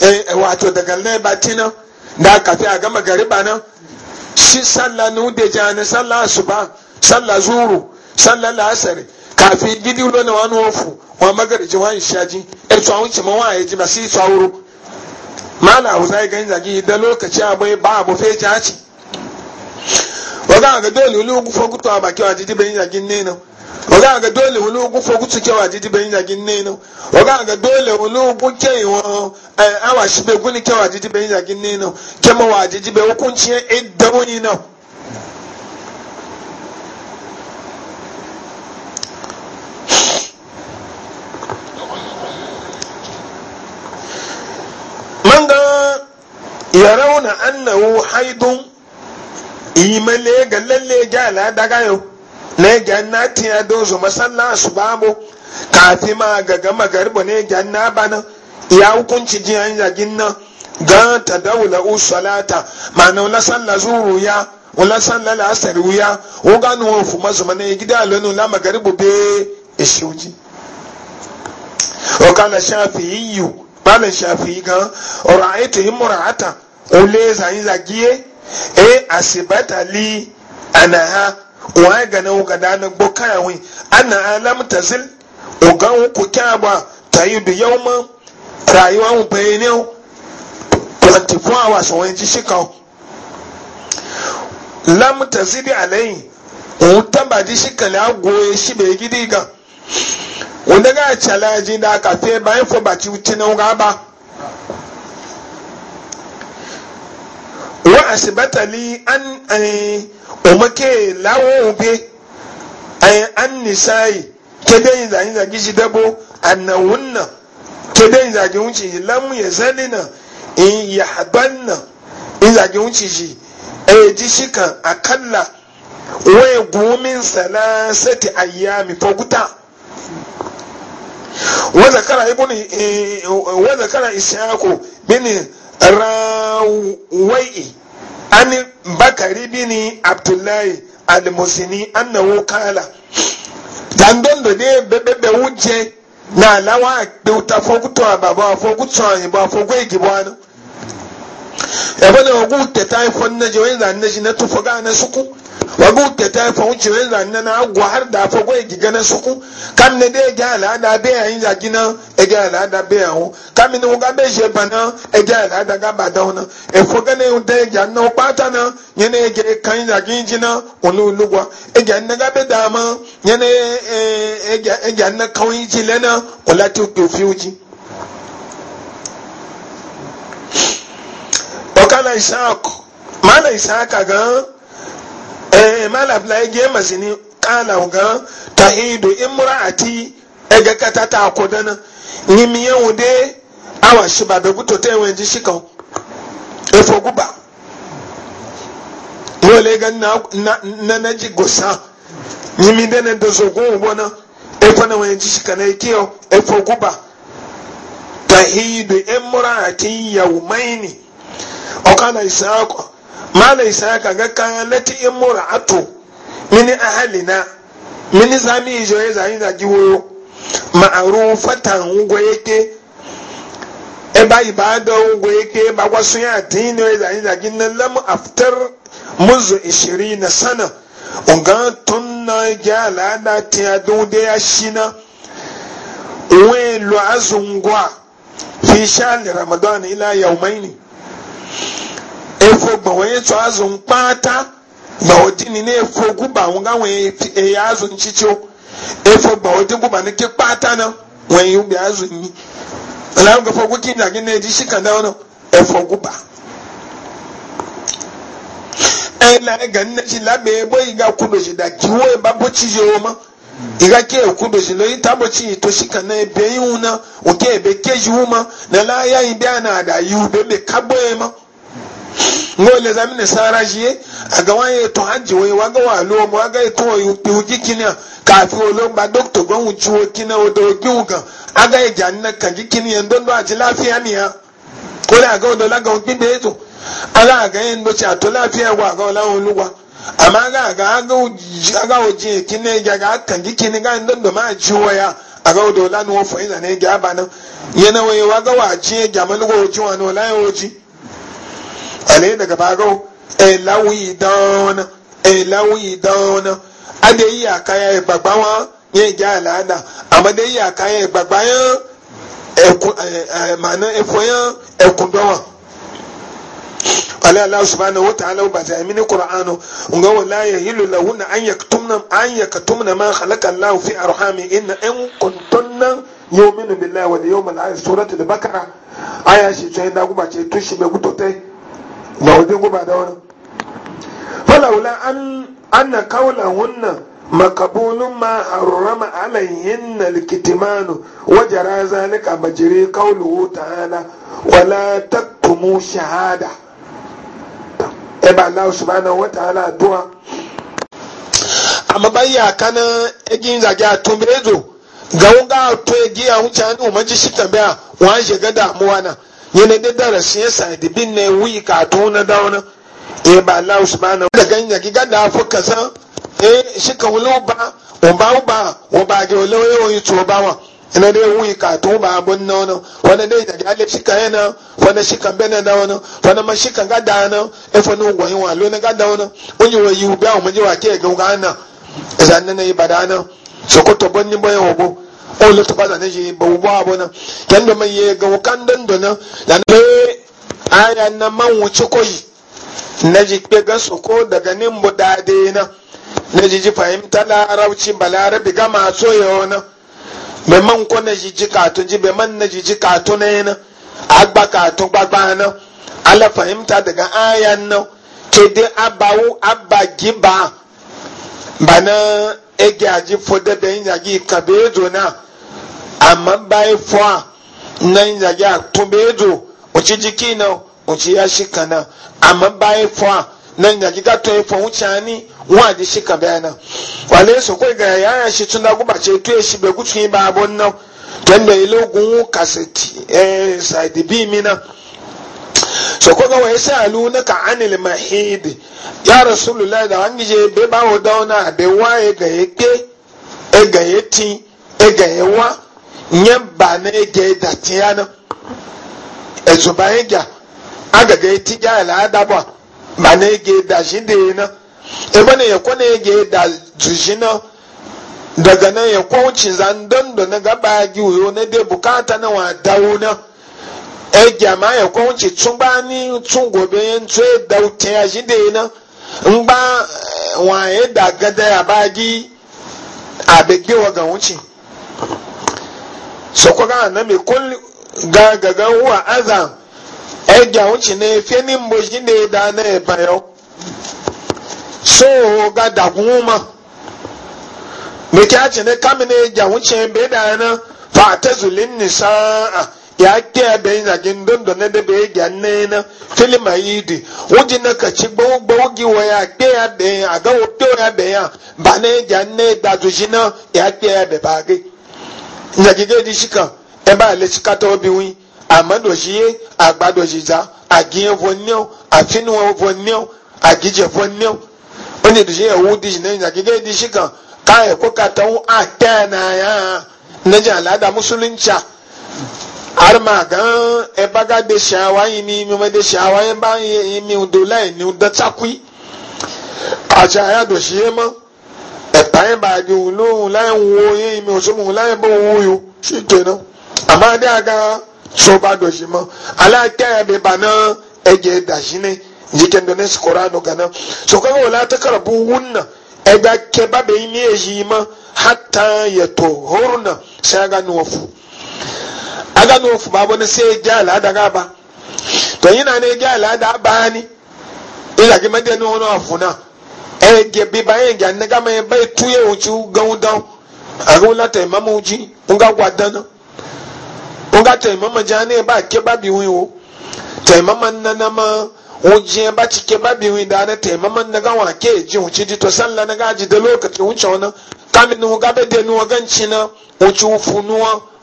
eh, eh wato daga nan na da kafin a gama gariba na shi sallah nu da jani sallah suba sallah zuru sallah lasari kafin gidi ulo na wani wofu wa magarji wa shaji er to awun cima wa eji ma si tsawuro mala hausa ya ganin zagi da lokaci abai ba abu fe jaci waga ga dole gu abaki wa ben ne na waga ga dole ulu gu fogu to kewa jidi ben ne ga dole gu ke wo eh, awa be guni ben ne na kema wa jidi be yarawna annahu haidun imale lega lalle ga la daga yau lega na tiya dozo masalla su babu kafi ma ga gama magarbo ne ga na bana ya hukunci an yagin nan ga ta daula usalata ma na la salla zuru ya wala salla la asar ya o ga fuma fu mazuma ne gida lanu la magaribu be ishuji o kana yiyu. malam shafi gan ọ̀rọ̀ ayé tó yín mọ̀ràn àtà ó lé zàyínzàgíyé ẹ àṣìbàtà lé ànáhà wọn á gànà wọn gàdá ní gbọ́ káàwìn àná alámùtàzí ọ̀gá wọn kò kí àbọ̀ tàyè dùn yẹ́wọ́n mọ́ ràyẹ̀wọ́n àwọn bẹ̀yẹ̀ ní wọn twenty four hours wọn ti ṣe kan gidi ga. wanda ga challenge da aka te bayan fo ba ci tinan ga ba wa asibata li an umake eh, lawo ube eh, an nisa'i kede yin zagi zagi shi dabo annawunna kede yin zagi wuce shi lamu ya zalina in eh, ya habanna in zagi wuce shi e ji shi kan akalla waya gumin salasati ayyami foguta وذكر ابن وذكر إسحاق بن راوي عن بكر بن عبد الله المسني أنه قال dandon da ne wuje na lawa bauta fokuto ba ba fokuto ayi ba fogo igi ba ne ebe da ogu teta ifon na jiwe na ne na ga na suku wagu tata fa wuce wani zanne na agwa har da fa gwa giga na suku kam ne de e ga ala be ya yin zagi na e ga ala be ya hu kam ne wuga be je bana e ga ala ga ba da na e fo ga ne de ga na pata na nye ne ge kan zagi ji na ulu lugwa e ga ne ga be da ma nye ne e, e ga e na kan ji lena na ola ti ku fi uji wakala ishaq mana ishaq ga eh malab la ge masini kala ga ta'idu imraati ega kata ta na ni miye wude awa shi be guto te wenji shika efo guba wole ga na na na ji gosa ni mi de ne dozo go bona efo na wenji shika na ikio efo guba ta'idu imraati yawmaini وقال إسحاق malam ishaka ga kan lati in mura'atu min ahalina min zami ijo ya zani da ma'aru fatan ngo yake e ba ibada ngo yake ba kwasu ya dini ya zani na ginnan lam aftar منذ 20 سنه ungan tunna gyala na tiyadu da ya shina wen lo azungwa fi sha'ani ramadan ila yaumaini efo gba onye tụ azụ mkpata gba odini na efo guba nga wee eye azụ nchicho efo gba odi guba e na ke kpata na wee ubi azụ nyi ala nga fo guki na gị na-eji shika na ọnụ efo guba ela ga nne ji laba ebo iga kudoji da kiwo eba bochi ji oma iga ke kudoji lo ita bochi ito shika na ebe iwu na oke ebe keji ụma na la ya ibe a na ada yi ube be kabo ema ngole zami mine sara jiye aga waye to haji wai waga wa lo mo waga to yu piu jikina ka fi olo ba doctor gon uju kina o do giuga aga e janna ka jikini en don do aji lafiya ni miya ko a ga odo la ga ogbi be to ala ga en do ti ato lafiya wa ga ola oluwa amma aga ga aga uji aga oji kina ja ga kan jikini ga en don do ma ji wa ya aga odo la no fo ina ne ga ba na yana wai waga wa ji e jamalu go ji wa no la yo ji ale daga bago elawi eh, don elawi eh, don ade yi aka ya gbagba wọn yẹn jẹ alada ama de yi aka ya gbagba yẹn ẹkun ẹ ẹ mana ẹfọ yẹn eku eh, dọ wọn ale alahu subahana wo ta alahu bàtà ẹmi ni kur'an nga wọn la yẹ yìlò la wọn na na anya katum na ma halaka alahu fi arahami ina ẹn kuntun na yóò minnu bi la wọn ni yóò ma la bakara ayé a si tẹ ẹ dagun bàtà ẹ tu si bẹ kutu tẹ. wajen guba da wani falawula an anna qawlahunna makabulun ma harrama alayhinna alkitimanu wa jara zalika majri wuta hana wala taktumu shahada e ba Allah subhanahu wa ta'ala addu'a amma bayya kana egin zage atumbezo ga wunga to egi a huncha ni umaji shi tambaya wa je ga damuwa na yana da darasi ya sa da bin ne wi ka tona e da wani eh ba Allah subhanahu da ganya ki gada fuka san eh shi ka wulu ba o ba ba o ba ge wulu yo yi to ba wa ina da wi ka to ba bun na wani wani dai da gale shi ka yana wani shi ka bena da wani wani ma shi ka gada na e fa no gwayin wa lo na gada wani onye wa yi ba o mu je wa ke ga ga na zanna na ibada na sokoto bonni boye obo olu tukpa zane shi bawu abu nan kyan da mai ye ga wukan dondo nan da na aya na man wuce koyi na ji pe ga soko daga nin mu dade na na ji ji fahimta larabci balarabi ga maso yawo na bai man ko na ji ji katun ji bai man na ji ji katun na yana agba katun gbagba na ala fahimta daga aya na ke dai abawu abba giba ba na ege aji fode da yin zagi a na amma na a tumbe ezo oci jiki na oci ya shi kana na yin zagi gato ya fuwa wuce ani di shi kabe na wale so ko ga ya shi tun da guba shi be gutsun ba abun nan tun da ile kaseti eh bi mi na so ko ga waye salu na ka anil mahidi ya rasulullahi da an je be ba wo dauna be waye ga yake e ga yati e, e ga yawa e e nyen ba na ga da tiyana e so ba ga aga ga yati ga ala da ba ba na ga da shi de na e ba ne ko ne ga da jujina daga nan ya kwancin zan dondo na gaba gi uyo na de bukata na wa dauna egya ma ayɛ kɔn kyi tumba ne tungobe ntu edaw tɛn agyi de na e ngba wɔn a eda gada abaagi abegbe wɔ gawo kyi sɔkɔ gaa na mi kol gaa gaga wo a aza egya wo kyi na efie ne mbɔ gyi de da na eba yɛ so ga da kuma mekia kyi ne kame na egya wo kyi e be da na fa atɛzulin nisaa. ya kiya da yin zagin don da na dabe ya gyan na yana filima yi di wuji na ka ci gbawo gbawo gi wa ya kiya da yin a gawo kiyo ya da yin ba na ya gyan na ya dazu shi na ya kiya da ba gai zagi gai di shi kan e ba le shi kata obi wi amma do shi ye agba do shi za a giye vonniyo a finuwa vonniyo a gije vonniyo wani do shi ya wudi shi na yin zagi gai di shi kan ka ya ko kata wu a kiya na ya na ji al'ada musulunci arma gan ebaga de shawa yimi mi ma de shawa yin ba yimi udo lai ni udo takwi aja ya do shiye mo ẹ̀ta yẹn bá di òun lóhùn láì wo yín mi ò sóhùn láì bó òun yò sí ìtòná àmọ́ adé àga tó bá dọ̀sí na aláàkẹ́ da bá náà ẹ̀jẹ̀ dàsí ní yíkẹ́ ndonẹ́sì kọ́ra ànú gánà sọ̀kọ́ wò látẹ́kọ̀rọ̀ bó wún nà ẹgbẹ́ kẹ́ bá bẹ́ẹ̀ ní èyí mọ́ hàtà yẹ̀tọ̀ aga na ofu e baabo e ne sɛ egya alaada ga aba to yi na na egya alaada abaa ni ila gima de ne wɔn afuna egya bi ba egya ne gama eba etu yɛ wɔn kyiw gawu dan ahu lata nga gwa dan nga ta emama gya ne eba ake ba bi win wo ta emama nanama wogye ba kyike ba bi win daa ne ta emama ne ga wɔn ake egyi wɔn dị di to sanla ne ga agyi de lokaci wɔn kyɛw na kami ga bɛ de ne wɔn na wɔn kyi wofu noa.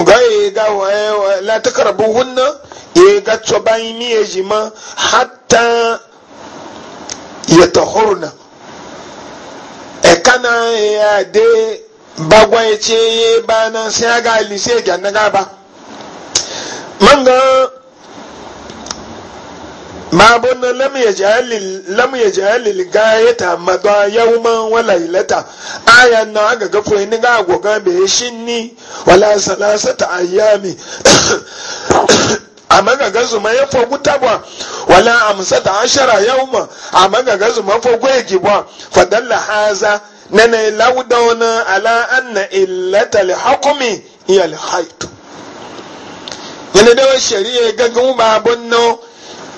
nga ye ga la takarabu hunna ye ga tsoban ni ye jima hatta yatahurna e kana ya de bagwa ye ce ye ga ga na ga ba manga ma bonna lam yaj'alil gayata madwa yawman wa laylata aya na aga gafo ni ga goga be shinni wala salasata ayami amma ga gazu ma ya fogu tabwa wala amsata ashara yawma amma ga gazu ma fogu yake gibwa fadalla haza nana laudona ala anna illata lihukmi ya lihaitu yana da shari'a gaggamu ba nan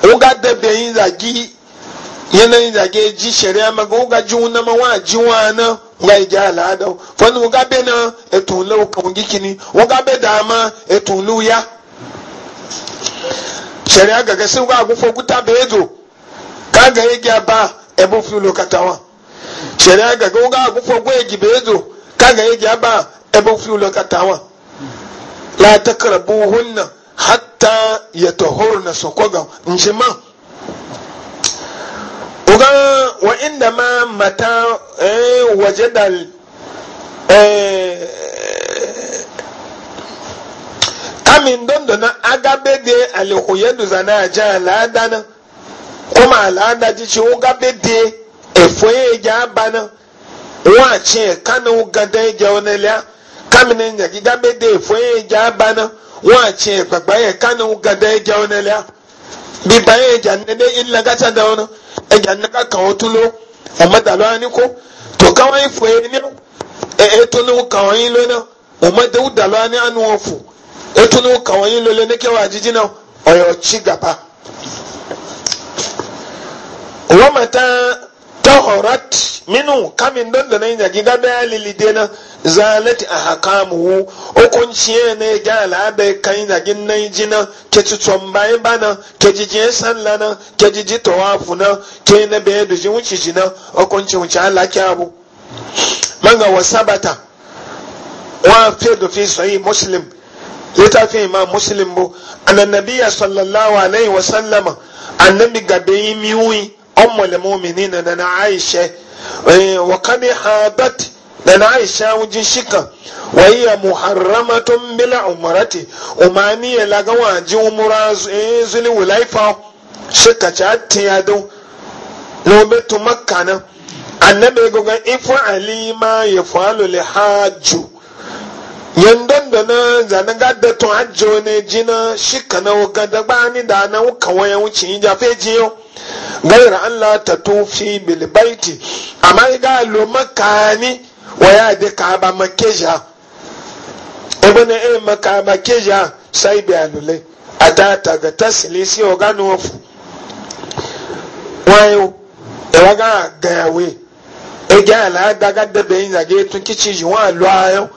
wuga dabda yin zagi yanayin zage ji shari'a maga wuga ji wuna ma wa ji wana nga igi al'ada fani wuga be na etu lu kan gikini wuga be da ma etu lu ya shari'a gaga sai wuga agufo guta be ezo kaga igi aba ebe ebo fi lokatawa shari'a gaga wuga agufo gwe igi be ezo kaga igi aba ebe ebo fi lokatawa la takrabuhunna hatta hatta sokoga njima uga wa ma mata eh, wajadal eh, kamin dondo na agabe de alihuyedu zana aja alada na kuma alada jici ugabe de efoye ya abana wa ce kanu gada ya jaunelia kamin ya efoye abana wọn àti gbàgbà yẹ kánú gada ẹja ọ̀nà lẹ́yà bíbá yẹ ẹja nílé ilẹ̀ gàtà ọ̀nà ẹja nílẹ̀ tún ọmọdàlọ́ àníkó tó káwọn yìí fò ẹni àní ànú wọn fò ní kẹwàá jíjí náà ọ̀yọ̀ wọ́n mọ̀ tán. tahorat minu kamin don da nan yaki da daya lilide dena, zalati a hakamu hukunci ne ga al'adai kan na yi jina ke tutun bayan bana ke jijiyar salla na ke jiji tawafu na ke na bayan dujin wuce jina okunci wuce ala ki abu manga wa sabata wa fi da fi sayi muslim littafin imam muslim bu annabiya sallallahu alaihi wa sallama annabi gabe yi miwuyi ummul mu'minina nana aisha wa kami habat nana aisha wujin shika wa hiya muharramatun bila umrati umaniya laga waji umra zuli wulaifa shika ta tiyadu no betu makkana annabi gogan ifa alima yafalu lihajju yandan da na zanaga gada to ajiyo ne jina shi ka na wuka da ba ni da na wuka waya wuce yi jafe jiyo gaira Allah ta tufi bilbaiti amma yi ga lo makani waya da ka ba makeja ebe na irin e maka makeja sai bi alule. a ta taga ta silisi oganu ofu wayo ewa ga gayawe ege ala daga dabe yin zage tun kici yi wa lo ayo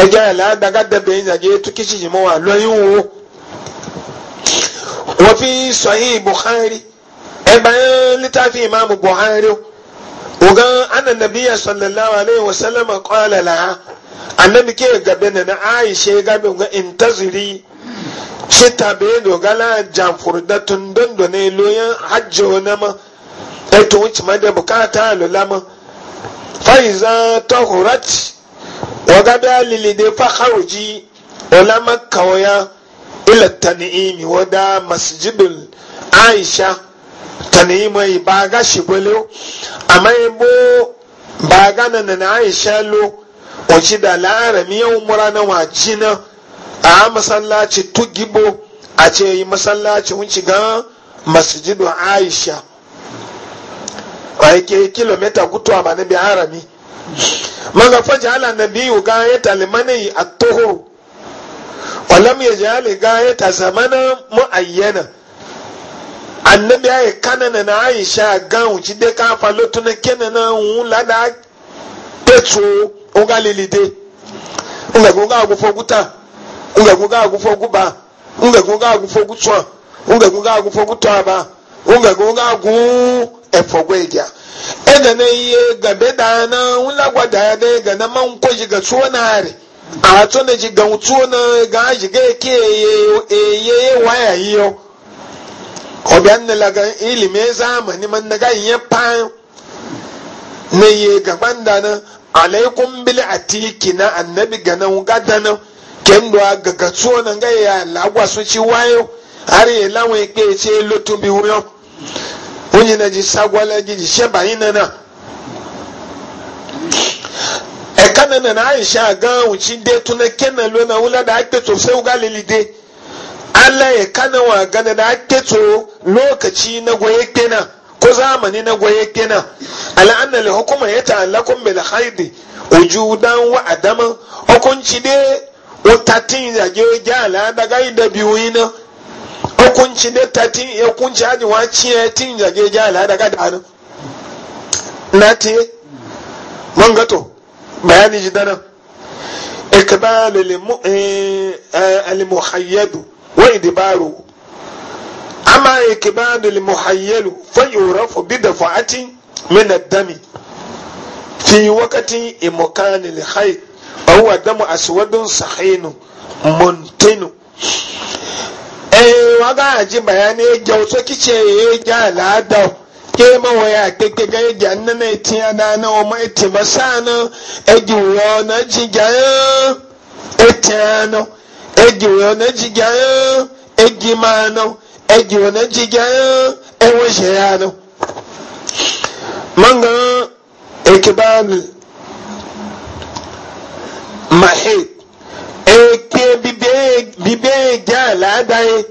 ẹja ẹ̀ ládàgá dẹ̀bẹ̀ yín àjẹ́ tó kíṣì yìí mọ́ wà lọ́yìn wo wọ́n fi sọ̀yìn buhari ẹ̀ báyẹn lítàfi ìmáàmù buhari ogan ananabiya sallallahu alaihi wa sallam kọ́lá làá annabi ke gabe na na aisha gabe ga intaziri fita bai dogala jamfurda tun dondone loyan hajji wani ma eto wuce ma bukata lulama fa'iza tahurat wagada lilide fa kharuji ulama kawaya ila tan'imi wada masjidul aisha yi ba ga shi bolo amma bo ba ga nan na aisha lo ci da larami yau mura na wajina a masallaci tugibo a ce yi masallaci wunci ga masjidul aisha a yake kilomita gutuwa ba na bi arami. maga faja ala nabiyu ga ya talimani a toho walam ya ji ala ga ya ta zamana mu'ayyana annabi ya yi kanana na aisha ga wuci de ka falo tuna kena na wun lada tetu oga lilide nga goga agufo guta nga goga agufo guba nga goga agufo gutwa nga goga agufo gutwa ba nga goga agu efogwe gya ega na iye gabe da na wula gwada ya da ga na man kwaji ga tuwo na hari a to na ji ga tuwo na ga ji ga ke eye e waya yiyo obian na laga ilimi zamani man na ga yin pan na iye gaban da na alaikum bil atiki na annabi ga na gada na kendo ga ga tuwo na ga ya lagwa su ci wayo har yi lawan ikpe ce lotun bi wuyan wunyi na ji sagwala gi ji sheba yi nana ɛka na aisha gan wuci de tuna kena lona wula da ake to sai wuga ala ya wa gana da ake lokaci na goye kena ko zamani na goye kena ala anna li hukuma ya ta'allakum bil khaidi wujudan wa adaman hukunci de wutatin ya je ja ala daga yi biyu yi na hukunci ne ta tin ya kunci hajji wa ciye tin jage ja al'ada ga da hannun na te man gato bayani ji dana ikbal eh, al-muhayyad wa idbaru amma ikbal al-muhayyal fa yurafu bi dafa'atin min ad-dami fi waqti imkan al-hayy huwa damu aswadun sahinu muntinu eh waga ji bayani gyauso kice ya gya lada ke mawaya keke ga gya nan na tiya da na o ma ti masana egi wo na ji gya etiano egi wo na ji gya egi mano egi wo na ji gya e wo she ya no manga ekibal mahid ke bibe gya laadan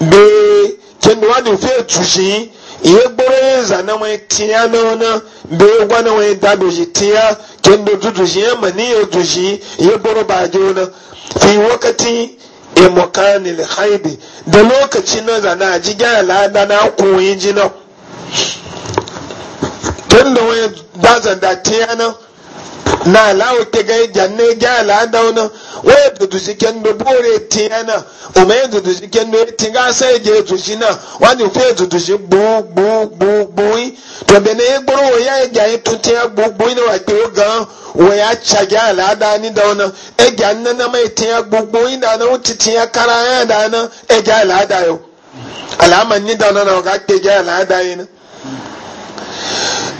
bee kyenua de fe tusi iye gboro za wɔn tia na wɔn na na wɔn da tia kendo ni iye gboro baaje wɔn na fi wakati emokani le da lokaci na za aji na kun yi ji na kendo wɔn da tia na. na alawo tega janne ne ja ala adauna waya dudu shi kendo bore tiyana uma ya dudu shi kendo tinga sa je dudu shi na wani fe dudu shi bu bu bu bu to bene ya gboro waya ija ya tuti ya bu bu na wake oga waya chaga ala adani dauna ega nana mai tiya bu bu na na wuti tiya kara ya da dana ega ala adayo alama ni dauna na waka tega ala adayi na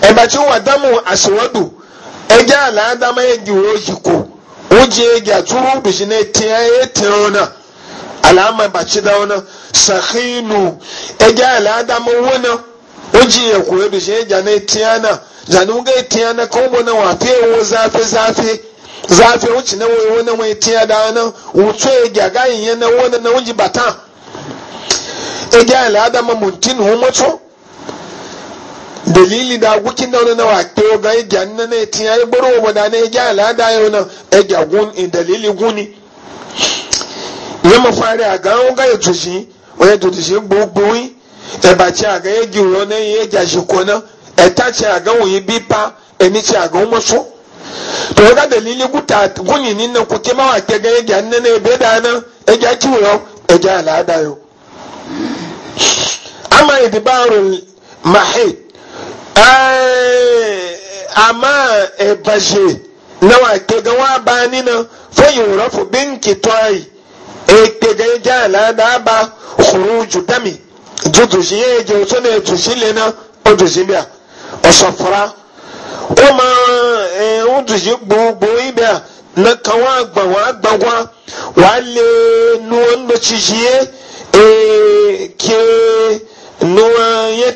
ebe ci e wa damu asiwadu ege ala adama egi ojiko oji egi aturu bishi na etinye etinye ona ala ama bachi da ona sahinu ege ala adama wona oji ekwu ebishi egi na etinye na zanu ga etinye na ka ụmụ na wafe ewu zafe zafe zafe wuce na wai wona wai etinye da ona wutu egi agaghị ihe na wona na oji bata ege ala adama muntinu mutu dalili da gukin da wani na ga ya na na tin ya da na ya alada ya na ya gyagun in dalili guni ya mafari a ga ga ya tushi wani tushi gbogbowi ya e baci a ga ya giwo na ya gyashi kona ya e tace a ga wuyi bipa ya e nice a ga umarsu to ga dalili guta guni ni na ke ma wake ga ya na na amma idibarul mahid ama e, bashe na ke ga wa bani na fayin rafu bin kitwai e ke ga ja la da ba khuruju dami judu shi ye je so ne tu shi le na o du shi bia o safara kuma e o du shi gbogbo ibia na kan wa gba wa gba wa wa le nu on do shi e ke nu ye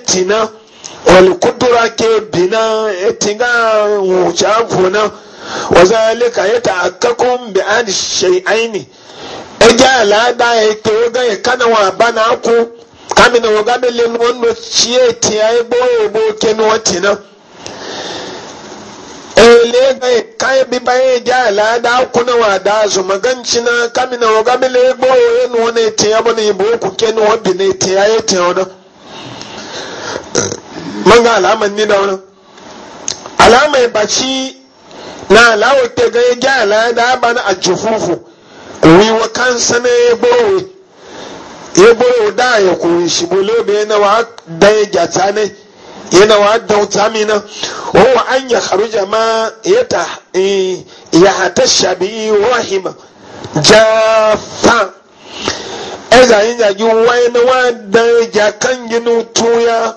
walikudura ke bina etinga wucha vuna wazalika yataakkakum bi an shay'aini eja alada eke oga ekana wa bana aku kamina oga bele nwono chie tia ebo ebo ga aku na wa da zu magancina kamina oga bele ebo enu ne tia man ga alaman ni na wani alama ya baci na alawa ke ga ya gya ala da ba na ajufufu kuwi wa kansa na ya borowe ya borowe da ya kuwi shi bolo da yana wa da ya gyata ne yana wa da wuta mina wa an ya kharuja ma ya ta ya hata shabi wahima jafa ɛza yin zagi wani na wa da ya kan ginu tuya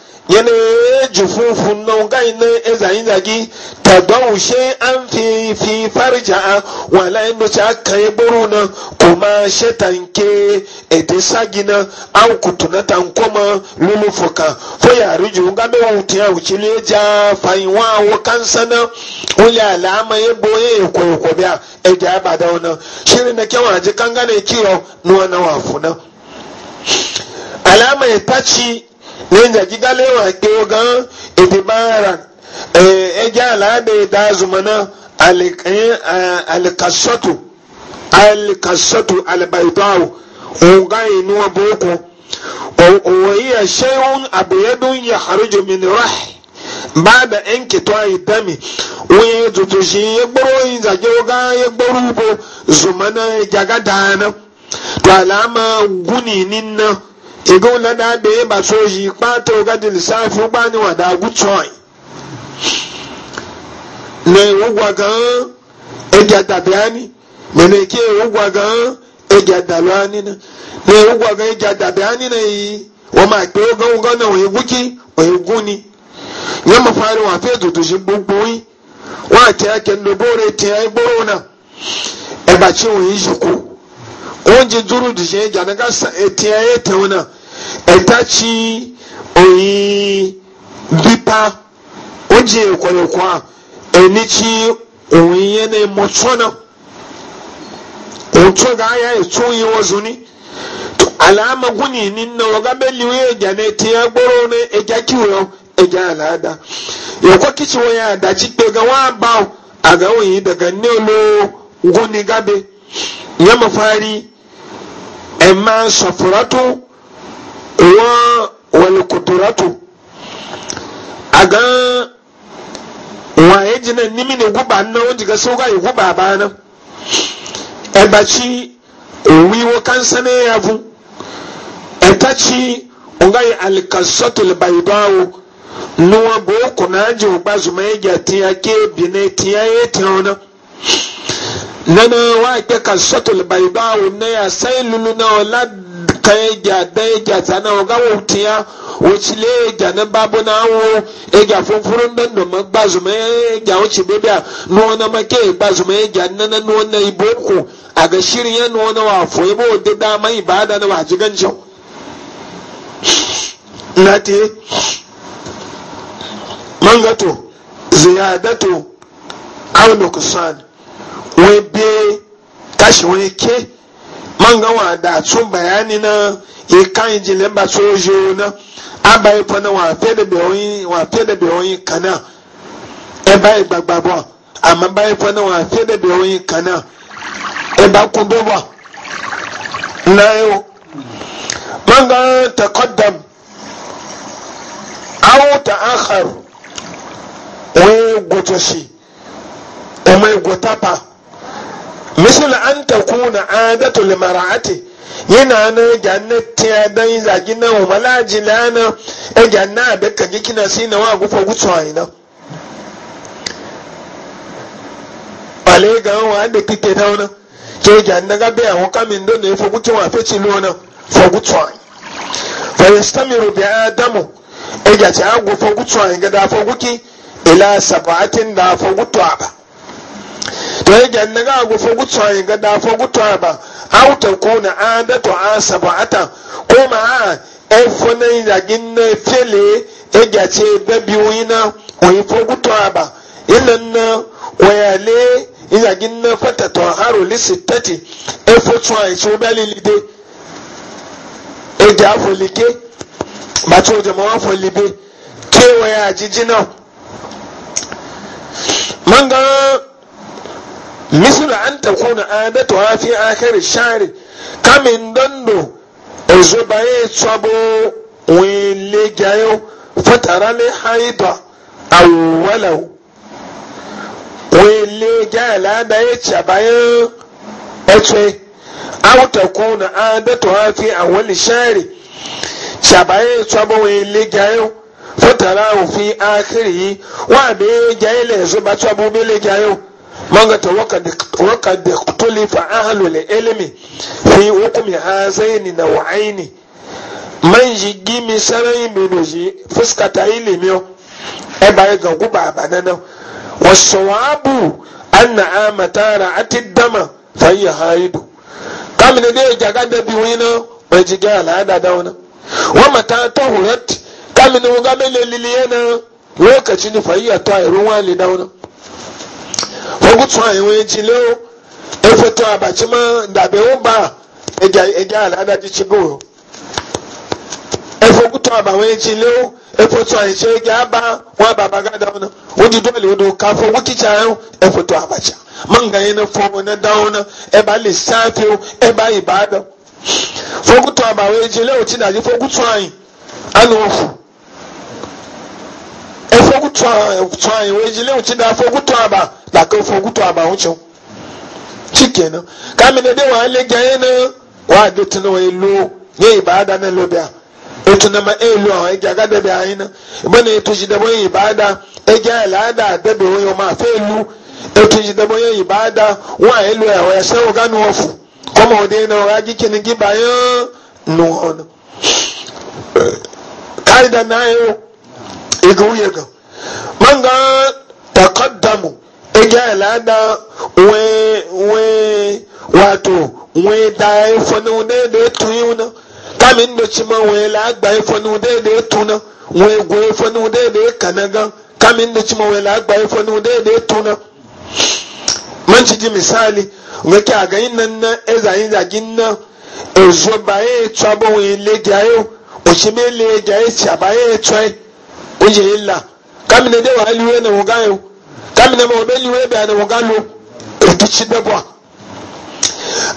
yana ji funfun na nan gai na ezayin zagi ta gbaushe an fi fi farja wala inda ci aka yi buru na kuma shetanke ete sagi na an kutu ta tankoma lulufuka fo yari ji nga me wuti ya wuci le ja fayin wa kansa na wuli alama ya boye ya koyo ko biya e ja ba da wannan shirin na kyan waje kan gane kiyo nuwa na wafu na alama ya taci wenza jiga lewa kewa gan edi bara eja la be zumana alikin alikasotu alikasotu albaitawu oga inu aboko owa iya shehun abu yadu ya harijo min rah ba da yan kito a itami wani zutu shi ya gboro yin zage oga ya gboro ubo zumana jagadana to alama guni ninna ego na da be e ba so yi pa to ga di safu ba ni wa da gu choi ne wo gwa gan e ja da bi ani me ne e na ne wo gwa gan e ja na yi wo ma pe o gan na wo egu ki o egu ni nye mo fa wa fe dudu shi gbogbo yi wa ti ake ndo bore ti ai na e ba chi ku ji duru di shi ja daga etiya ya e e ta wuna ita ci oyi bipa wonji ekwere a eni ci oyi yana emotsona otu ga ya etu yi wazu ni alama guni nina waga beli e we ja na eti gboro na eja kiwo eja alada yakwa kici waya adaci pe ga wa bawo aga ga oyi daga gu guni gabe ya mafari ɛmaa sɔpurato wɔn wɔle agan wɔn a egyina na egu baa nnan wɔn gyina sɛ wɔn a egu baa baa na ɛbakyi owi wɔ kansa na ɛyavu ɛtakyi wɔn a yɛ alikasɔtol bayibawo noa bɔ okuna agye ɔgba zoma egya tia kee bi na tia yɛ tia wɔn na. nana wa kan ka sotul baiba wunna ya sai lulu na wala kai ja dai ja sana wa ga ya wucile ja na babu na wo ya ja funfurun dan do magba zuma e ja wuce bebia no na make ba zuma e ja na no na iboko a ga shirye no na wa fo ibo de da mai ibada na wa jigan jau nati mangato ziyadatu aw nuqsan wai be tashi ke man gawa da tun bayani na ikan e jile ba sojo na abayi fa na wa fe da bewoyin wa fe da bewoyin kana e bayi gbagba bo amma bayi fa na wa fe da bewoyin kana e ba kun be bo na yo man ga taqaddam aw ta'akhar wai gotoshi o e mai gotapa misal an ta kuna adatu limara'ati yana na gyanna tiya dan zagi na wa malaji lana e gyanna a bekka gikina si na wa gufa gutsu a ina ale ga wa da kike ta wana ke gyanna ga be awon kamin don ne fo gutsu wa feci lona na gutsu a fa yastamiru bi adamu e ga a gufa gutsu a ga da fo guki ila sabatin da fo gutu ba to gyan na ga go fogu tsoyin ga da fogu tsoyin ba aw ta kuna adatu ata ko ma a e fonai da ginne fele e gace babi wina oyi fogu tsoyin ba ilan e na wayale ina ginne fata to haru lisittati e fo tsoyin so dalili de e ga folike ba to jama'a folibe kewaye a jijina man ga misir an takuna adatu ha fi akhir shari kamin dondo ezo baye tsabo wele gayo fatara le haida awwalau wele gaya la baye tsabaye etwe aw takuna adatu ha fi awwal shari tsabaye tsabo wele gayo fatara fi akhir wa be gaye le zo ba tsabo bele gayo mangata wakad tulifa ahlul ilimi, fi hukumi hazaini na wa'aini man ji gimi sarai mino ji fuskata ilimi e ba ga guba banana abu anna amata ra'ati dama fayya haidu ne dai jaga da biwina wai ji ga al'ada da wani wa mata ta hurat kamini wuga mele liliyana lokacin fayya ta irin wani da wani ogutu anyi wee jile o efoto abachima dabe ụba ege ala adaji chigo efo ogutu aba wee jile o efoto anyi che aba ka afọ wukicha ahụ efoto abacha na fo na dawo na eba lissafi o tsɔanyi wo edzi lé ŋutsi ɖe afɔ gutɔ aba gake wofɔ aba ŋutsi o tsike na kamine de wòa lé dzanyi ne wòa e tu wòa elu nye ada na elu bia etu na ma elu àwọn edzi aga de bia anyi na ebe etu dzi de bo ada ala ada ade be woyɔ ma elu etu dzi de bo ye ada wòa elu wòa ganu kɔma wòa dzi dzi ba nu na egu yɛ man ga taqaddamu ega lada we we wato we da ifonu ne da tuyu na kamin da ci ma we la gba ifonu de de tuna we go ifonu de de kanaga kamin da ci ma we la da ifonu de de tuna man ci ji misali ga ki ga yin na ezayin zagin na ezo baye tsabo we le gayo o ci me le gaye ci baye tsai e. o je illa kamine de wa liwe na wo gayo kamine ma obe liwe bia na wo galo rikici da bwa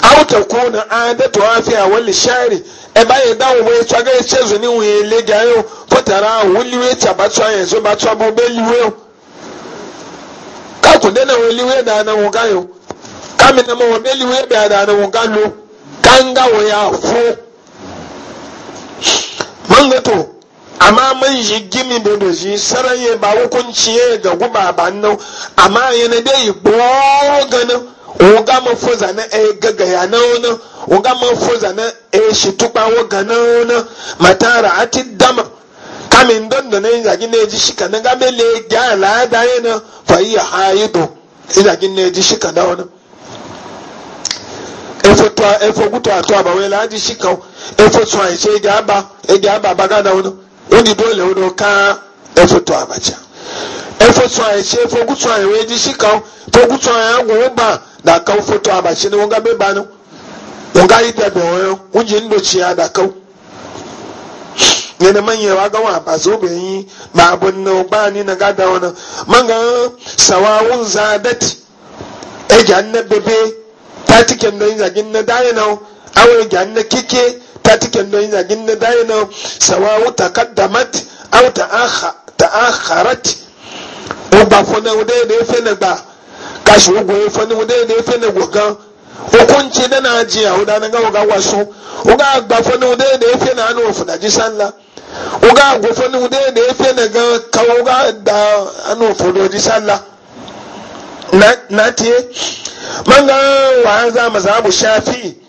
aw ta kuna ada to afiya wal shari e ba ye dawo we tsaga ye chezu ni we le gayo ko tara wo liwe cha ba tsa ye so ba tsa bo be liwe ka ku de na wo liwe da na wo gayo kamine ma obe liwe be da na wo galo kanga wo ya fu mangato amma man yi gimi bodo ji saran ye ba hukunci ye ga guba ba nan amma yana dai gboro ganin o ga ma foza na e gaga ya na ona o ga ma na e shi tukpa wo ga na ona matara ati dama kamin don da nan zagi na ji shika na ga mele gya la da yi na. fa iya do zagi ne ji shika da ona efo to efo gutu ato aba we la ji shika efo so ai sai ga ba e ga ba ba ga da ona wodidi ole wono ka efoto abacha efoto ayi se fogutu ayi wo edi shi fogutu ayi agun wo ba da kaw foto abacha ni wonga beba no ga yi dabe wɔn wonye ndokyi adakaw yɛn ma yɛ wa gawa abaza obinrin baabo na ɔbaa ni na gada wɔn manga sawa wunza adati egya nne bebe tati kɛmɛ nzagi nne daayɛ na awo egya nne keke. tatiken don yana ginna dai na sawawu takaddamat aw ta'akharat o ba fona o dai ne fene ba kashi o go fona o dai ne fene go hukunci da na ji a da na ga ga wasu uga ba fona o dai ne ga fona ga ga da anu funa ji sallah na tiye manga wa za mazabu shafi'i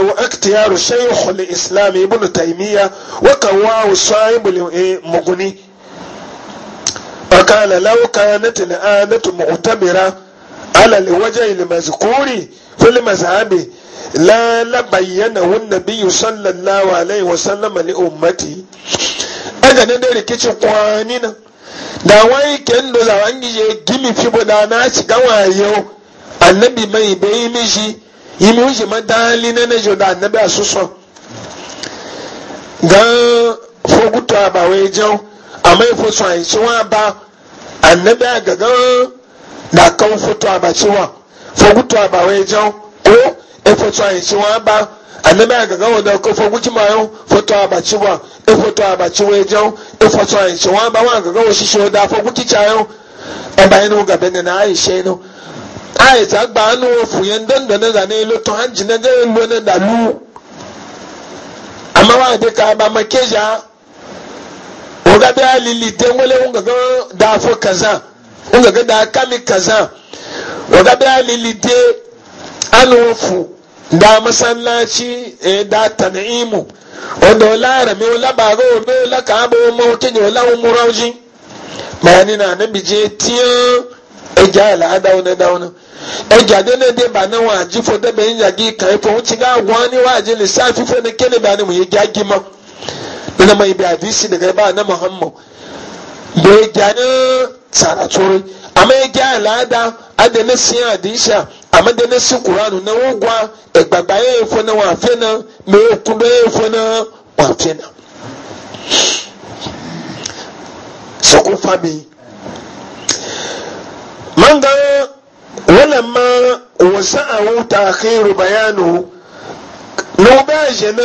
واختيار شيخ الاسلام ابن تيميه وكواه صاحب المغني فقال لو كانت الآلة معتبرة على الوجه المذكور في المذهب لا لبينه النبي صلى الله عليه وسلم لأمتي أجل ذلك شقوانين da wai kendo za wangi je gimi fi budana shiga wayo annabi mai bai mishi yìí ó sì máa dán lé nẹ́nẹ́ a dáa nẹ́bẹ́ àsúnsọ gan fogutọ àbàwọ̀ ẹ̀jẹ̀wò àmọ́ ìfọ̀sọ àyìnṣẹ́ wọn bá ànẹ́bẹ́ àgàgán dàkàn fọtọ àbàtì wọn fogutọ àbàwọ̀ ẹ̀jẹ̀wò kó ìfọ̀sọ wọn bá ànẹ́bẹ́ àgàgán wọn dàkàn fogutu mọ̀ ẹ̀hún fọtọ àbàtì wọn ìfọ̀tọ àbàtì wọn ẹ̀jẹ̀wò wọn wọn aisha gba anu ofu ye ndondo ne da n'elu to ha ji ga elu ne da lu amma wa de ka ba makeja o ga da lili te wele un ga da kaza un ga da kami kaza o bi da lili te anu ofu da masallaci e da tan'imu wanda wala rami wala bago wala ka abu mawukin wala umurauji bayani na nabi je tiyan eji ala adauna dauna eji adenede ba na wa ji fo debe nya gi kan e fo wuci ga gwa ni wa ji lissafi fo ne kele ba ni mu ya gi ma na mai bi hadisi daga ba na muhammad be gani tsara tsori amma e ya gi ala ada adene si hadisa amma dene si qur'anu na wugwa egbagba ye e fo na wa fe na me ku be fo na wa fe na sokun fami ma ga walamma wasa'ahu khairu bayanu no ba jena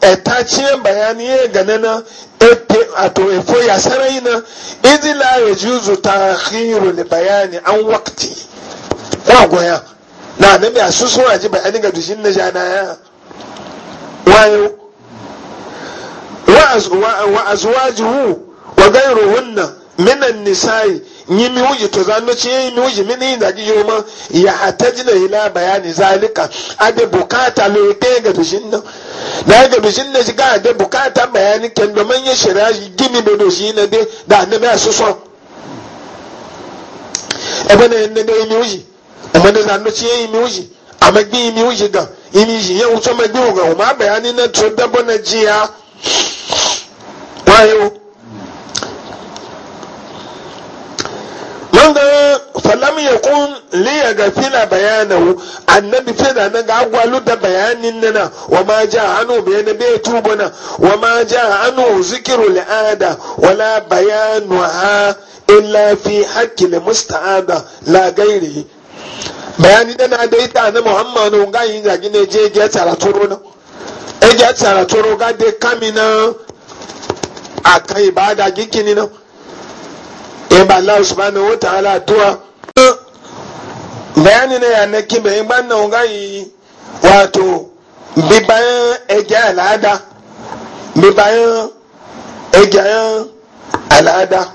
bayani bayaniɛ ganana epe ato efo ya sarai na edi la rejuzu taahiru ne bayani an wakti wa goya na su asusun aji bayani ga dushin na jana ya wayo wa hu, wa gairuhunna minan nisa'i yi mi wuyi to zan noci yi mi wuyi mini da gi yoma ya hatajina ila bayani zalika ade bukata lo de ga bishin na da ga bishin na shiga ade bukata bayani ken do ya shira gimi be do shi na de da na bai su so ebe na ne de mi wuyi amma da zan noci yi mi wuyi amma gbi mi wuyi ga imi yi ya wuto ma gi wuga ma bayani na to dabo na jiya wayo nga falam yakun li yaghfila bayanahu annabi ce da nan ga gwalu da bayanin nana wa ma ja anu bayana be tubuna wa ma ja anu zikru li'ada wala bayanuha illa fi haqqi musta'ada la gairi bayani da na da ita na muhammadu ga yin zagi ne je ge tsara toro na e ge tsara toro ga de kamina akai ibada gikini na e ba Allah subhanahu wa tuwa bayani na yana ba na ga wato bi bayan ege al'ada bi bayan ege al'ada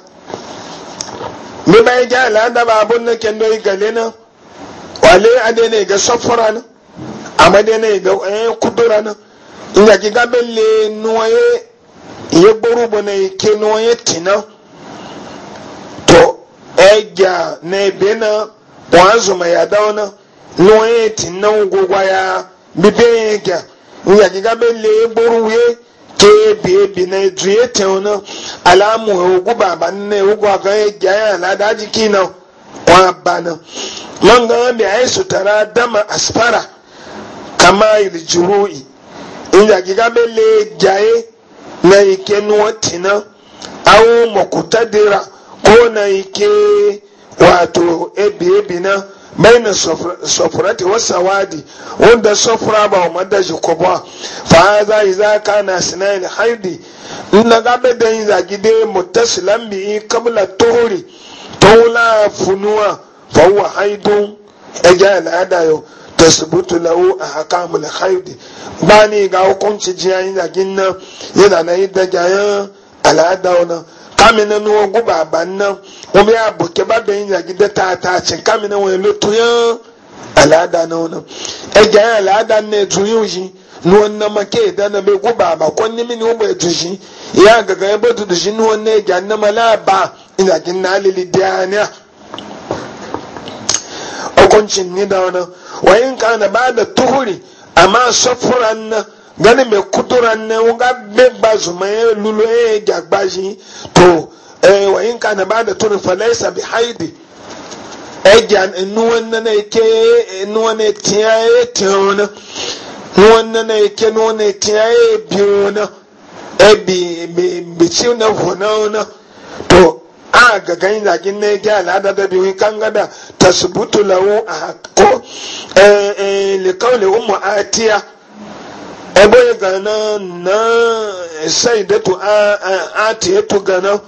bi bayan ege al'ada ba abun na kendo yi gale na wale ne ga safura na amma ne ga eh, kudura na ki le nuwaye ya gburu bane ke nuwaye tinan egya na ebe na wọn azụma ya dawo na n'onye tinna ngwugwa ya bibe egya nyagiga be lee gburu wee ke ebi ebi na edu ya tew na ala amụ ogwu baba nne ogwu ava egya ya ala adaji ki na wọn aba na manga bi anyị sụtara dama aspara kama irijuru i nyagiga be lee egya ya e na ike nụọ tina awo mọkụta dịra kona wato ebi na baina safurati wasa wadi wanda safura ba wa da shi ko ba fa za ka na sinayin haidi inna gabe da yin zagide muttasilan bi qabla tuhuri tawla funuwa fa haidun eja al'ada yau a haka mula haidi bani ga hukunci jiyan zagin nan yana na yi daga al'ada wannan kamina ni wọn gu baaba nan wọn bɛ abo kɛba bɛn nyagide taataa kyɛn kamina wɔn lo tuya alaada na wɔn ɛgya yɛ alaada na etu yi yi ni wɔn nam kee da na bɛ gu baaba kɔ nimi ni wɔn bɛ etu yi yɛ agaga yɛ bɛ tutu yi ni wɔn na ɛgya nam alaaba nyagi na alili diania ɔkɔ nkyin ni da wɔn na wɔn nkan na baa da tuhuri ama asɔfura na. gani mɛ kutura nɛ wo ka bɛ gba zuma ye lulu e, ye gba zi to ɛɛ e, wa yin ka na ba fa haidi nuwa nana nuwa tia ye tia nuwa nana nuwa tia ye ɛbi bi na e to a al'ada da biyu kan gada tasbutu lahu a ko ɛɛ ɛɛ le umu eboye gana na eh, sai da to a tiye to gana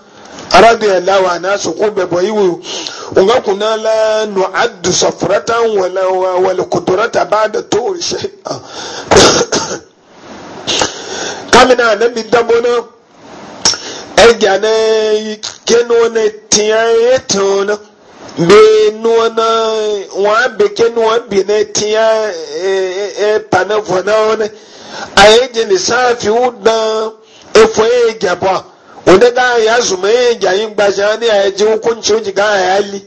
arabi alawa na su ko bebo iwu unga kuna la nu'addu safratan wala wal ba ba'da to shay'a [COUGHS] kamina na bi dabona e gane keno na tiye to na be nuwana wa be keno bi ne tiye e panavona ne ayɛgye ne saafi wo dan efo egya bɔ a ya dan yɛ ya egya yi gbagyɛ ne ayɛgye wo kɔnkye ogye gan ayɛ ali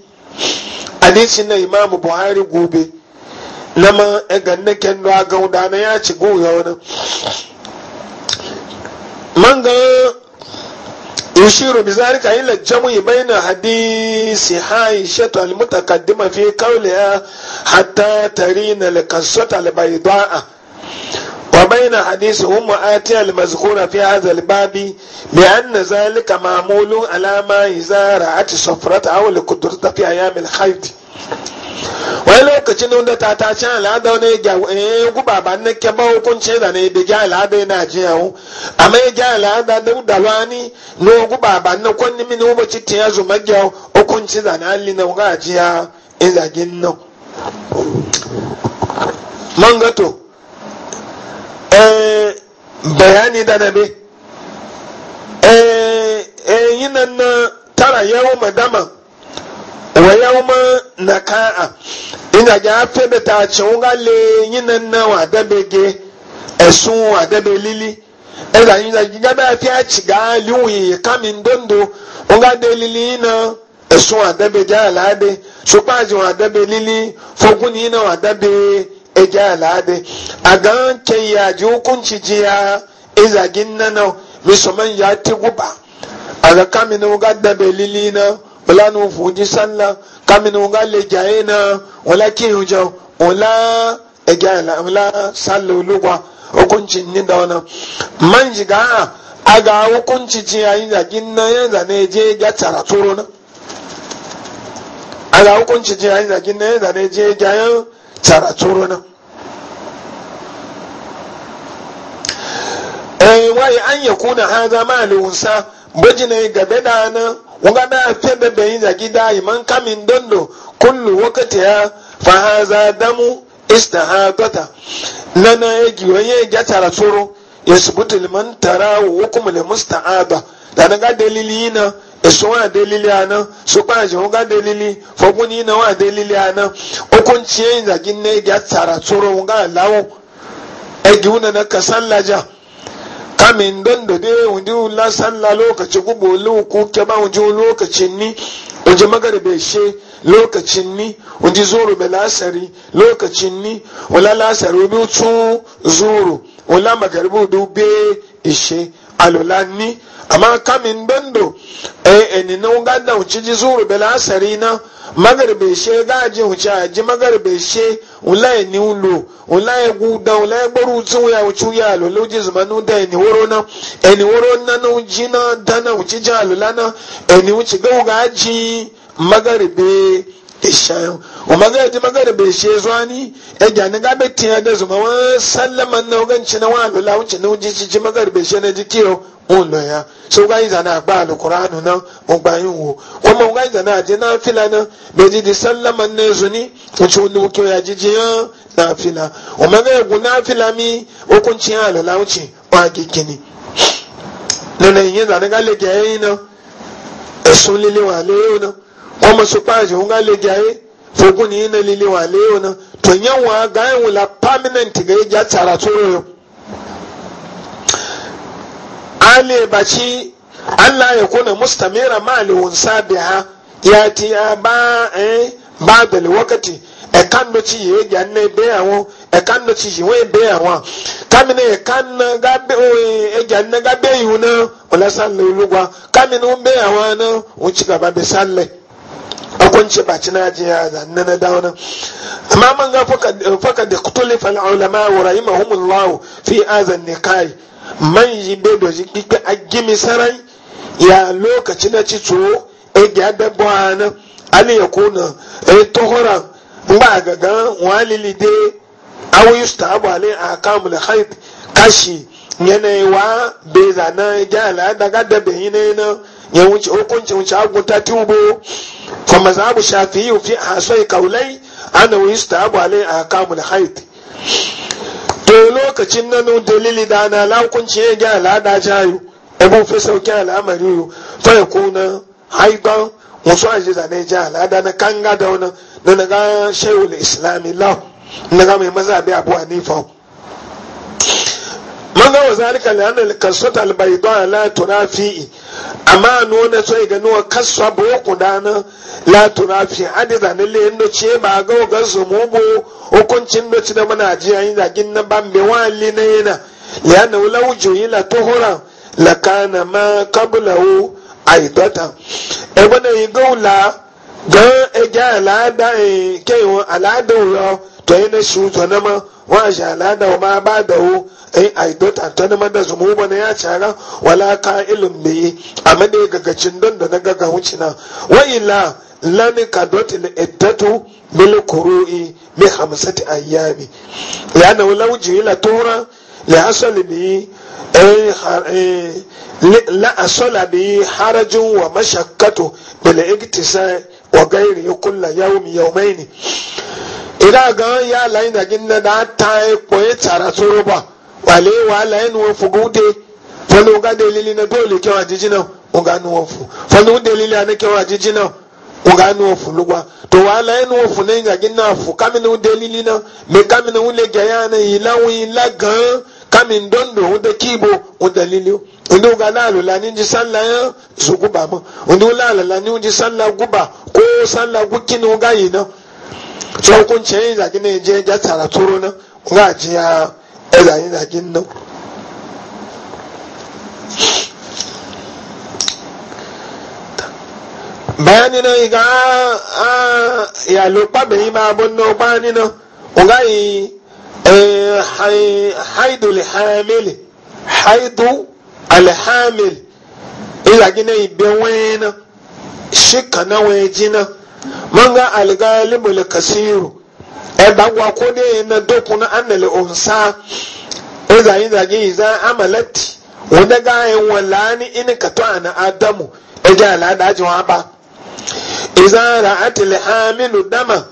adesi na imam buhari gobe ma ɛga ne kendo agaw da na ya ci go yɛ wɔn manga yushiru bizarika ila jamu baina hadisi haisha almutaqaddima fi qawliha hatta tarina lakasata albaydaa وبين حديث أم آتي المذكورة في هذا الباب بأن ذلك معمول على ما إذا رأت صفرة أو القدرة في أيام الخيط wani lokacin da ta ta ci al'ada wani ya guba ba na ke ba hukunci da ne da ga al'ada yana ji yawo amma ya ga al'ada da da wani no guba ba na kwanne mini uba ci ta yazo magiya hukunci da na halin na ga ji ya in zagin nan mangato bayani da na be eh yi nan na tara yau madama wa yawo ma na ka'a ina ga febe ta ce wunga le yi na wa da be ge esun wa da be lili ina e yi da ga ba fi a ci ga liwi kamin dondo wunga de lili na esun wa da be ge alade so pa ji wa da be lili fogun ni na wa da be eji ala adị aga nke ya ji hukunci ji ya izagin na musamman ya ti guba aga kaminu ga belili na wala ji fuji sallah kaminu ga le na wala ki hujo wala eji ala wala sallah lugwa hukunci ni da wannan man aga hukunci ji ya izagin na ya zane je ga tsara turo na aga hukunci ji ya izagin ya zane je ga tara turo nan eh wai an ya kuna haza malunsa bajina gabe da nan wanga da fiye da bayin zagi da iman kamin dondo kullu wakati ya fa haza damu istahadata tota. nana ya e giwa ya ga tara turo ya subutu liman tara wa kuma da na ga dalili na eso wa delili ana so kwa je hunga delili foguni na wa delili ana hukunci yin zagin ne ga tsara tsoro hunga lawo egi una na kasallaja kamin don da dai wundi la sallah lokaci gubo luku ke ba wundi lokacin ni wundi magaribe she lokacin ni wundi zoro be lasari lokacin ni wala lasari bi tun zoro wala magaribu du be ishe alola ni amma kamin bendo eh enina na da uci ji zuru bela asari na magarbe she gaji uci ji magarbe she ulaye ni ulo ulaye guda ulaye gboru tun ya uci ya eni woro na eni woro na na uji na dana uci ja eni uci umaga ji maga da bai she zuwa ni e ga ni ga be tiya da zuma wa sallama na ugan ci na wa lula wuce na uji ci maga da bai she na ji kiyo un lo ya so ga yi zana gba alqur'anu na un gba yin wo kuma ga yi zana je na fila na be ji di sallama na zuni wuce wani kiyo ya ji ya na fila ma ya gu na fila mi hukunci ya lula wuce wa gikini nana yin zana ga le ga yi na esun lile wa le yi na kuma su pa je un ga le ga fogun ni na lili wa leo na to nyanwa ga yin permanent ga ya tsara tsoro ale baci Allah ya kuna mustamira mali wunsa biha ya ti ya ba eh ba da wakati e kan do ci ye ga ne be awon e kan do ci we be awon kamina e kan ga be o e ga ne ga be yuna wala sallu lugwa kamina un be awon na un ci gaba be salle hukunci ba ci jiya da na da wani amma man ga faka da kutuli fa ulama wa rahimahumullah fi azan nikai man yi be ji a gimi sarai ya lokaci na ci tuwo e ga da bwana ali kuna e tohora ba ga walili de aw yustabu ali akamul khayt kashi yanayiwa bai zana gyala daga da bayanai na yawanci hukuncin wuce agunta tubo fa mazhabu shafi'i fi hasai kaulai ana wa yustahabu alai ahkamul haid to lokacin nan dalili da na lakunci ya ga al'ada jayu abu fi sauki al'amari fa yakuna haidan wasu aji ne ja al'ada na kanga da wani na naga shayul islami na naga mai mazhabi abu hanifa من هو ذلك لأن القصة البيضاء لا ترى فيه amma no na so iga n'uwa kaswa bo ku dana la turafi hadi da lalle no ba ga ga su mu bo hukuncin no da muna ji an da gin na ban me wali na yana ya na law juila tuhura la kana ma qablahu aidata ebe bana yi gaula ga e alada e ke alada yo to yana shu to na ma wa jala da ma ba da hu eh, ai ai ta ta ne da zumu ba ne ya cara wala ka ilum bi amma ne gagacin don da na gaga wucina wa ila lami ka ta ne etatu bil qurui bi khamsati ayami ya na law jila tura li asali bi eh, ai eh, la asala bi harajun wa mashakkatu bil igtisai wa gairi kullu yawmi yawmaini ila ya ala na gin na da ta yi e koyi tsara tsoro ba wale wa nuwa fugu de ga delili na dole jiji na oga nuwa fu delili na kewa jiji na oga nuwa fu lugba to wa lai nuwa fu ne gin na fu kami na delili na me kami na wule ga na ila wi la gan kami kibo udalili ndi lani ya zuguba lani guba ko so hukuncin yin zagi ne je ya tara turo na ga ji ya zayin zagin nan bayani na iga ya lo kpabe yi ma bo no bayani na oga yi e, haidu hamili haidu alhamil ila gina ibe wena shi kana wejina manga algalibu kasiru e dagwa ko ne na dokuna annal unsa e zayin zagi za amalati wanda gayen wallani in ka to ana adamu e ga alada jiwa ba iza ra'at aminu dama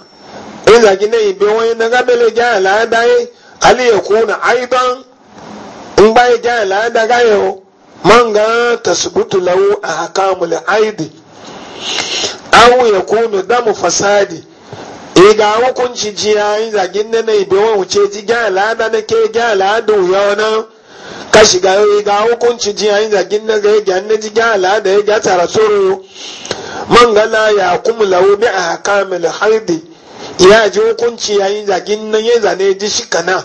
e zagi ne ibe wani na gabele ga alada yi ali yakuna aidan in ba ga alada e gayo manga tasbutu lahu ahkamul aidi an ya kunu damu fasadi e ga hukunci jiyayin zagin da na ibe wani wuce ji gyala na na ke gyala da wuya wani ka shiga e ga hukunci jiyayin zagin da ga gyan na ji gyala da ya gata tara man gala ya kuma lawo bi a kamil hardi ya ji hukunci yayin zagin na ya zane ji shi kana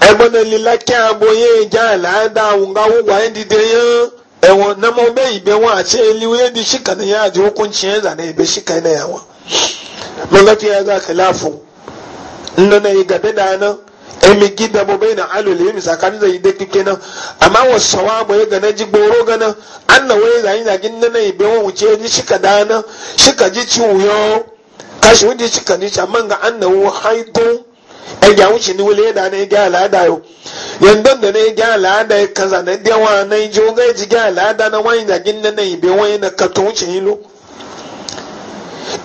ẹgbọn na lila kí aboyè gyala da wunga wugwa yẹn dìde yẹn. ɛwɔ nam ɔbɛyi bɛ wɔn akyɛ eliwu yɛ di sika ne ya adi okun kyɛn na ne bɛ sika ne yɛ wɔn mɛlɛti yɛ za kɛlɛafo nnɔnɔ yi gabe daa no emi gi dabo bɛyi na alo le emi saka ne yi de kike na ama wɔ sawa abɔ yɛ gana gyi gboro gana ana wɔyɛ za yi na gi nnɔnɔ yi bɛ wɔn kyɛ di sika daa no sika gyi kyi wuyɔ kasi wo di sika ne kyɛ ama nga ana gya wuce ni wuli da na ɛgya al'ada yau yanzu da na ɛgya al'ada ya kaza na ɛdiya na yi oga ɛji gya al'ada na wani gin na na bai wani na kato wuce yi lo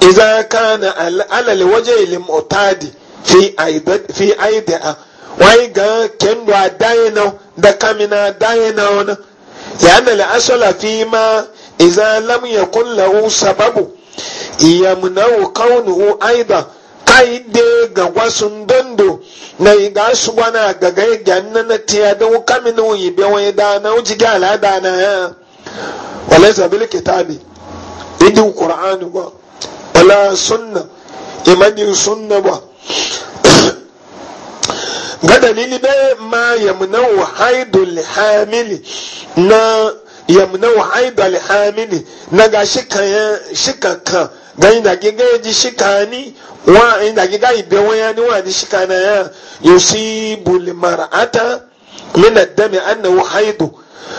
iza ka na alali waje ilim otadi fi aida a wani ga kendo a daye na da kamina daye na wani ya na asola fi ma iza lamu ya kun sababu iya munawu kaunuhu aida kaide ga wasun dondo na iga su gwana ga ga ganna na tiya da kami na yi be wani da na uji ga ala da na ya wala zabil kitabi idin qur'ani ba wala sunna imani sunna ba [CLEARS THROAT] ga dalili be ma yamnau haidul hamili na yamnau haidul hamili na ga shi kan shi kan gani da giga ya ji shikani wa in eh, da giga ibe waya ni wa ni na ya yusibu limar'ata min ad-dami annahu haidu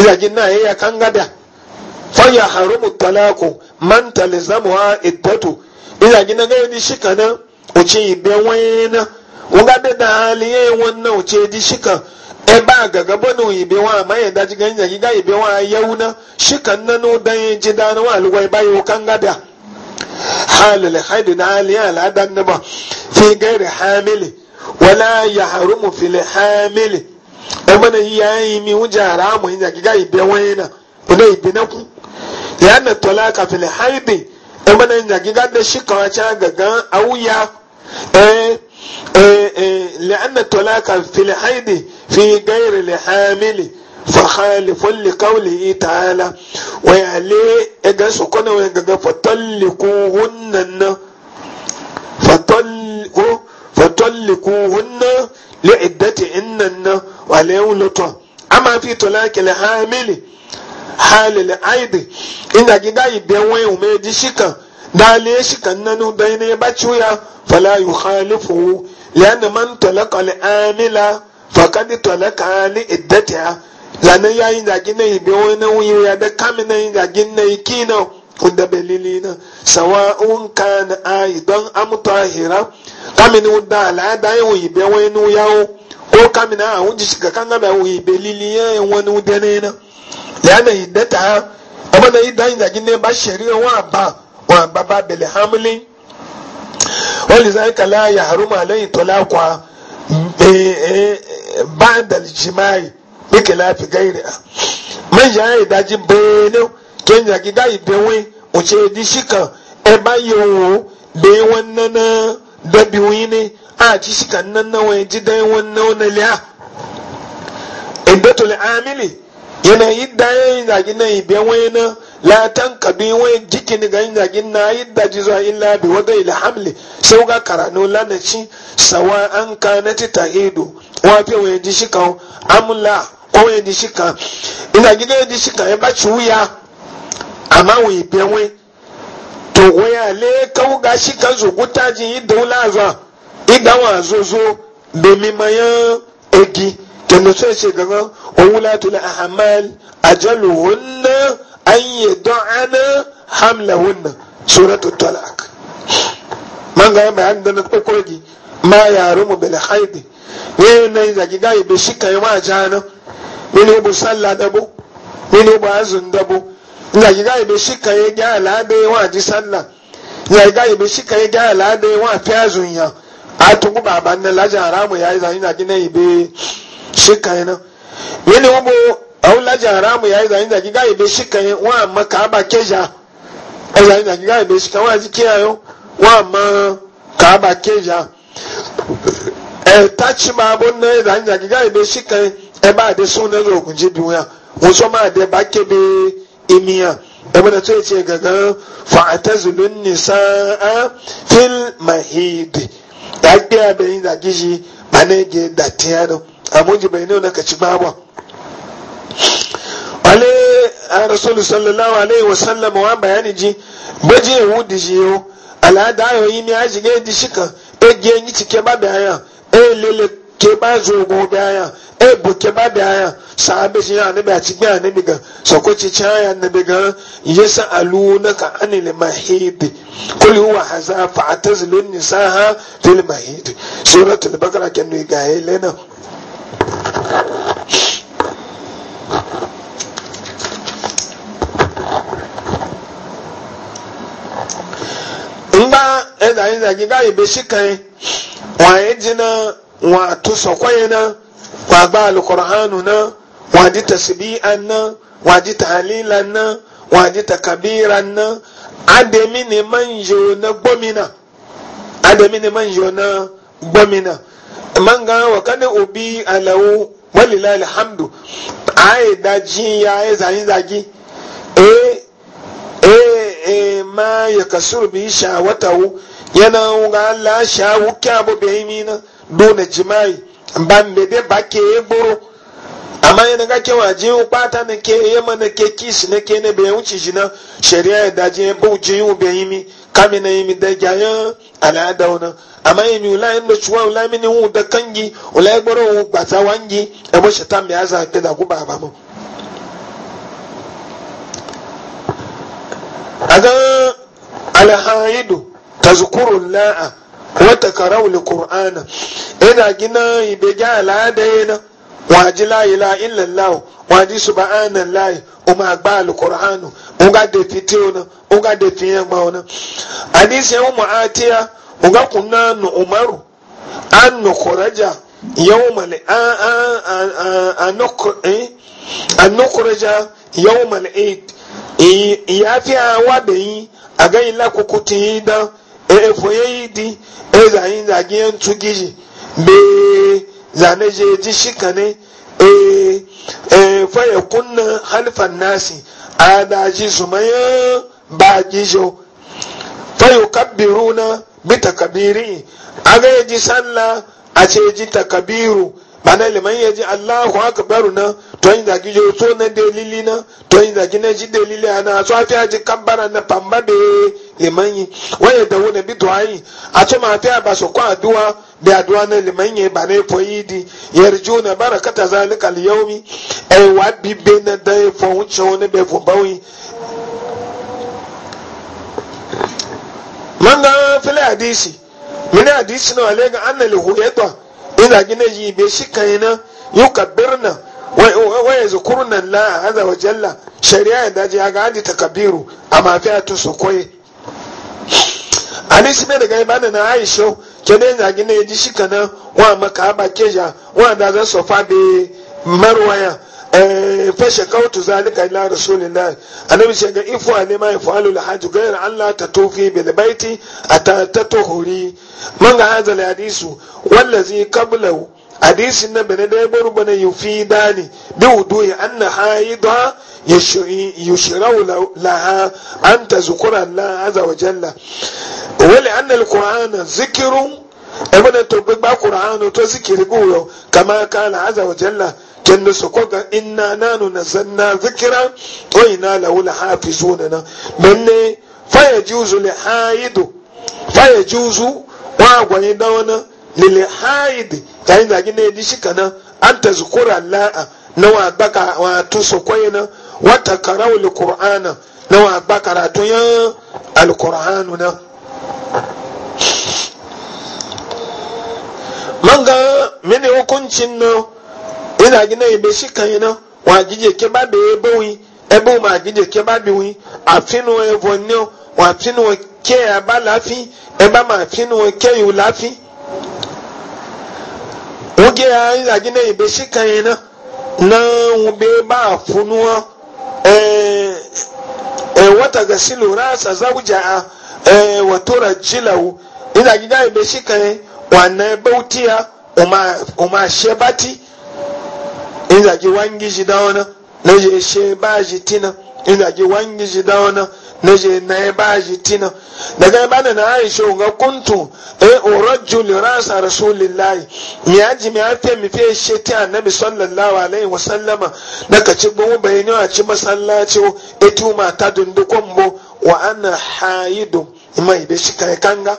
izagi na ya kangada faya harumu talaku man talizamu ha iddatu izagi na gaya shika na uce ibe wayena wuga da da hali ya yi wannan uce di shika e ba gaga bano ibe wa ma ya daji ganin zagi ga ibe yau na shikan na no dan ji da na walu wai fi wala ọmọ na yi yan yi mi wújà haramu yin yàgì ká ìbẹ wọn yín náà ọdọ ìbẹ náà kú yà nà tọ́lá kàfẹ́lẹ̀ haibì ọmọ na yàgì ká dẹ̀ ṣìkọ̀ ọ̀chá gàgán awúyá ẹ ẹ ẹ lẹ́ nà tọ́lá kàfẹ́lẹ̀ haibì fi gẹ́rì lẹ́ hàmìlì fàkàlì fọlì káwìlì yìí tààlà wọ́n yà lé ẹgà sọ̀kọ́ náà wọ́n yà gàgán fọ́tọ́lì kú hún nàná fọ́tọ́lì kú hún náà. li iddati innan na walayen luton amma fi tolaki li hamili hali li aidi inda gida idan wai ume ji shikan dali shikan nanu bai ne ba ciya fala yu khalifu lian man talaka li amila faqad talaka li iddatiha zanen yayin da gina ibe wani wuya da kamina yin da gina ikina kunda belili na sawa'un kana aidan am tahira kamin wuda alada yin wibe wani yawo ko kamin a wunji shiga kan gaba wibe lili yayin wani wudane na yana iddata amma na idan zagin ne ba shari'a wa ba wa ba ba bele hamlin wani zai kala ya haruma alayhi talaqwa e, e, ba'da al-jima'i bi khilafi ghayriha man ya daji bayanin kenya giga ibewe uche edishi kan eba yowo be wannan na dabi wini a ci shi kan nan na wani jidan wannan wani liya iddatul amili yana yi dayan e, zagi na ibe wani na latan kabi wani jikin ni ga zagin na yi daji zuwa illa bi waga ila hamli sau ga karanu lanaci sawa an kanati tahidu wafe wani ji shi kan amula ko wani ji shi kan ina gida wani ji shi kan e ya ba ci wuya amma wai bewe to waya le kawo gashi kan zugu tajin yi daula za idawa zozo domin mayan egi kendo sai ce gaba a ahmal ajaluhunna an yad'ana hamlahunna suratul talaq man ga bayan da na kokogi ma yaro mu bil haidi ne yi da gaya be shi kai ma jana ne ne bu sallah da bu ne ne bu azun da bu yàyíká ìbí síkà yẹn jẹ́ àlàáde wọn àti sálà yàyíká ìbí síkà yẹn jẹ́ àlàáde wọn àti àzùn yàn àtúkù bàbá ní lájà àràmù yà ìzà yìí nàgínà ìbí síkà yẹn náà yìí ni wọn laja àwọn lájà àràmù yà ìzà yìí nàgínà ìbí ama yẹn keja àmọ kàába kéjà ìzà yìí nàgínà ìbí síkà wọn àti kíyà yẹn wọn àmọ kàába kéjà ẹ tàchí máa bó ní ìzà yìí nàgínà ìbí síkà yẹn ẹ bá àdé sún imiya abin da ce ce gaga fa'ata zulun nisa'a fil mahidi ya kiya bai da gishi ba ne ge da amma ji bai nuna ka ci babu wale a rasulu sallallahu alaihi wasallam wa bayani ji baje wudi ji yo alada yo yi mi aji ge di shika e ge ni cike ba bayan e lele keba zogo biya ebu eh, keba biya sahabe shi yana bi a cikin yana bi ga sako ci ci yana na bi ga yasa alunaka anil mahidi kul wa haza fa atazilun nisaha fil mahidi suratul bakara kenu ga lena ngba ẹ̀dà yìí dàgí gáyìí bẹ́ẹ̀ sí kan wọ́n á yẹ wa ato sɔkɔyɛ na wa ba alukur'anu na wọn adi tasibi'an na wọn adi tahalilan na wọn adi takabiran na ademi ni manjo na gbomina ademi ni manjo na gbɔmina manga wakani obi alawo walila alhamdu da jin ya yi zagi zagi e e e ma ya kasuru bi shawatawu yana wuga Allah shawu kyabu bayimina dole jima'i ba da dai ba ke yi buru amma yana ga kewa ji yi kwata na ke mana ke kisi na ke na bayan wuce shi na shari'a ya bu ya bau ji yi wu bayan mi kami na yi mi e da gyayen al'ada wani amma yi mi wula yin da cuwa wula mini wu da kangi wula ya gbara wu gbata wangi ya bu aza ke da guba ba alhaidu la'a wata karau li qur'ana ina gina ibe ga alada yana waji la ila illa allah waji subhana allah o ma gba al qur'anu o ga de fiti ona o ga de fi yan ona hadisi o mu atia o ga kunna umaru an nu khuraja yawma li a a an eh? nukhraja yawma li eid ya fi awa bayin a ga ila kukuti dan efoye idi ezayin zagiye ntu gizi be zane je ji shika ne e e ya kunna halfan nasi adaji zumaya ba gizo fayo kabbiruna bi takabiri aga ji sallah a ce ji takabiru mana liman ji allahu akbaruna na tɔnyi zaki yo so ne delili na tɔnyi zaki ne si delili ana so ati aji kambara na pamba de limanyi wɔyɛ dawo na bi to ayi atoma ati abaso kɔ aduwa bi aduwa na limanyi ba ne fɔ yi di yɛrijo na bara kata za ne kali yawo mi ɛyɛ e wa bi be na da ye fɔ ŋun tiɲɛ ne bɛ fɔ bawo yi. manga fili hadisi mini hadisi na wale ga annali huyatwa ina gina yi be shi kai na yau ka birna waya zukurun nan la hada wa jalla shari'a ya daji ya ga andi takabiru amma fiya to su koyi alisi ne daga ibada na aisha ke da yanzu gina ya ji shi kana wa maka ba keja wa da zan fa bi marwaya eh, fashe kautu zalika ila rasulillah annabi ce ga ifu ne ma ifu alul hajji gairu allah ta tofi bil baiti ata ta man ga hadal hadisu wallazi kablau hadisin na bane da bar bane yufi dani bi wudu'i anna haida yushrau laha an tazkura Allah azza wa jalla wali anna alqur'ana zikrun ibn to gba qur'anu to zikiri guyo kama kana azza wa jalla kenda su kwaga inna nanu na zanna zikira to ina lahu lahafizuna na manne fa yajuzu lihayidu fa yajuzu wa gwani dawana lili haid ya anyị na na-eli an ta zukura la'a na wa gba ka wa tu ya na wata karau alqur'ana na wa gba karatu ya alqur'anu na manga mene hukuncin na ina gina ibe shika kan yana wa gije ke ba be ebe ma jije ke ba afinu evo ne wa afinu e ke ya ba lafi ma afinu e ke yu lafi wuge ya yi zagi na ibe e, e, e, shi kan yana na wube ba funuwa wata ga silu rasa zauja a wato rajilau ina gida ibe shi kan wannan bautiya umar shebati ina gi wangi shi da wani na je she ba tina ina gi wangi shi da wani na je na ya ba shi tina daga ba da na aisha ga kuntu eh urajju li rasa rasulillahi mi aji mi ate mi fe she ti annabi sallallahu alaihi wa sallama da ka ci gbo bayani a ci masallaci etu ma ta dundukon bo wa ana haidu mai be shi kai kanga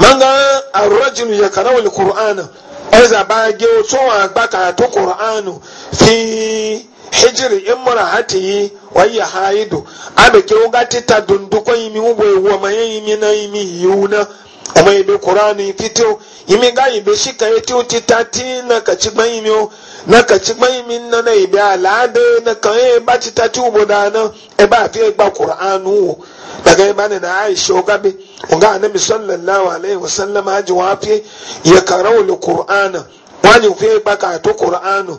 manga arrajulu yakarawu alqur'ana aiza ba ge to wa gba to qur'anu fi hijiri in mura hati yi wayya haidu abe ke uga tita dunduko yimi ubo ewu ma ye yimi na yimi yiuna ama ibe qur'ani fito yimi ga ibe shika yeti utita ti na kaci gba yimi o na kaci gba yimi na na ibe alade na kan e ba tita ti da na e ba fi gba qur'anu o daga yi e bani na aisha uga bi uga annabi sallallahu alaihi wasallam haji wafi ya karau qur'ana wani kwe baka to qur'anu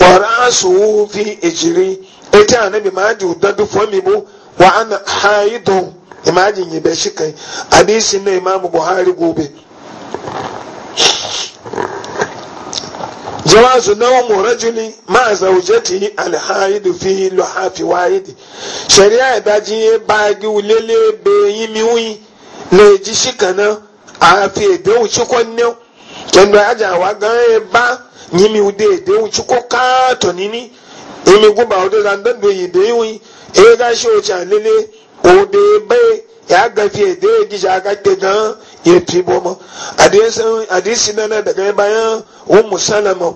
wa ra'suhu fi ijri ita annabi ma ji udadu fomi bu wa ana haidu imajin yi be shi kai hadisin na imam buhari gobe jawazu nawmu rajuli ma zawjatihi al haidu fi luhafi wahidi sharia idaji baagi ulele be yimi wi le ji shikana a fi ebe uchi kwannyo kendo aja wa gan ba nyimi ude de uchi ko ka to nini imi guba o zan dan do yide yi e ga shi o cha lele o de be ya ga fi de gi ja ga te gan ye pi bo mo adis adis na na daga ummu salama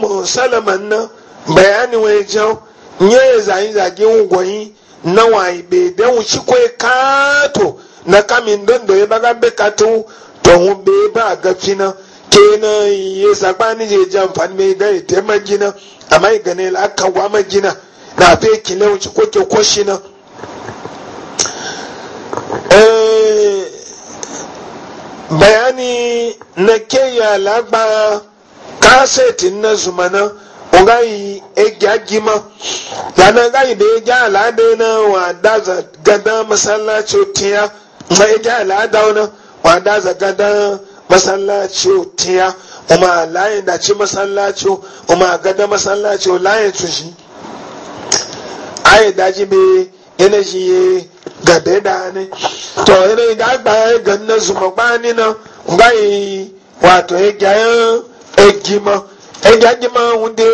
ma salama na bayani wai jau nye zan zagi ungwayi na wa ibe de uchi ko e ka to na kamin don da ya baga be katu to hun be ba ga fina kenan ya sabani je jan fan me ga te magina amma ga gane la ka wa magina na fe kile wuce ko ke koshi na eh, bayani na ke ya lagba kaseti na zumana yi egi agima yana yi da ya ji ala na wa daza gada masallaci tiya mai ta al'ada wani wada zaga dan masallaci tiya kuma layin da ci masallaci kuma gada masallaci layin tushi ayi daji be yana shi ye gabe da ne to yana yi gagba ya ganna zuma gbani na nga yi wato ya gyayan egima egima wunde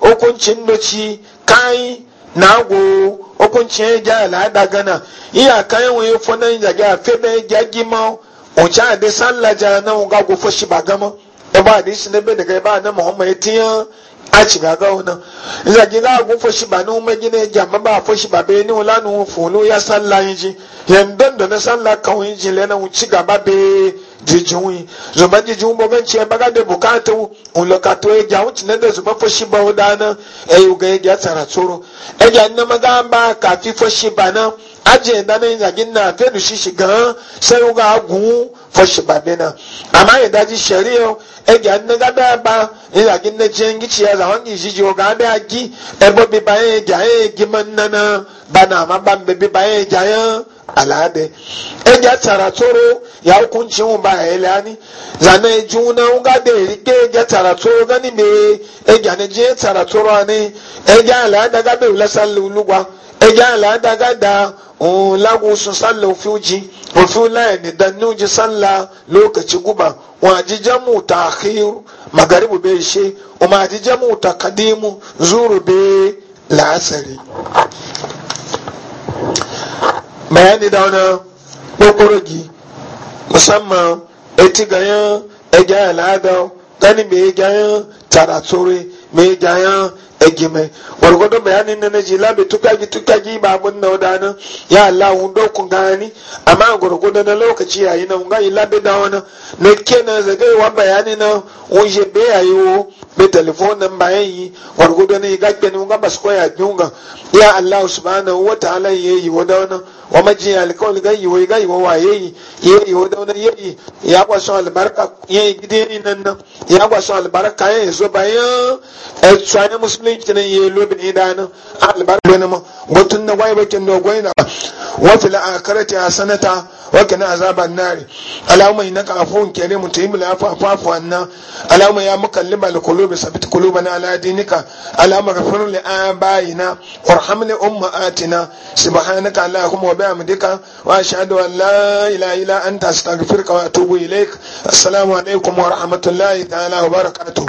okuncin noci kayi na agwo hukuncin ya da gana iyaka yawan ya fi nan ya gya fe bai ya gima wuce a bi sallah ja na wunga gufo shi ba gama ya ba da shi na bai daga ba na muhammad ya tiya a ci ga gawo nan ya gina gufo shi ba na umar gina ya gyamba ba fo shi ba bai ni wula ni funu ya sallah yin ji yandon da na sallah kawai yin ji lena wuce gaba bai jijin yi zuba jijin bo gan ce baga da bukata un lokato ya ja wuce da zuba fashi ba wuda na ayu ga ya tsara tsoro e ja na maga ba ka fi fashi ba na aje da na yin gin na fe du shi shiga sai ga gun fashi ba bena amma ya daji shari'a e ja na ga da ba yin gin na jin gici ya zawon gi shi ga da gi e bo bi ba ya ja ya gi na na bana ma ban be bi ba alade eja tsara tsoro ya hukunci mu ba hele ani zana ejuna unga de rike eja tsara tsoro gani me eja ne je tsara tsoro ani ala alada ga be ulasan lulugwa eja alada ga da un lagu sun sallu fuji ofi la ne dan nuji salla lokaci guba wa ji jamu ta'khir magaribu be she umma ji jamu takadimu zuru be la'asari bayani da wani gi musamman eti ganyen egya al'ada gani tara ganyen taratore mai ganyen egime gwargwado bayanin na naji labe tukagi tukagi ba abun na wadanin ya Allah hun dokun gani amma gwargwado na lokaci yayi na nga yi labe da wani na na kenan zagaiwa bayani na wunje be yayi wo be telefon nan bayan yi gwargwado na yi gagbe ni hunga basu koya hunga ya Allah subhanahu wa ta'ala yayi wadanin Wa jin alkawal ga yiwo ga yiwo waye yi ye yiwo da wani ye ya kwaso albarka ye gideni nan nan ya kwaso albarka ye zo bayan tsaye musulunci nan ye lobin idanu albarka ne ma gotun na gwai bakin da gwai na wa fil a sanata wa kana azaban nari alama innaka afuwun karimu tuhibbul afwa fa'fu anna alama ya muka mukallibal qulubi sabit qulubana ala dinika alama ghafir li abayina warhamna ummatina subhanaka allahumma bihamdika wa ashhadu an la ilaha illa anta astaghfiruka wa atubu ilaik assalamu alaikum wa rahmatullahi ta'ala wa barakatuh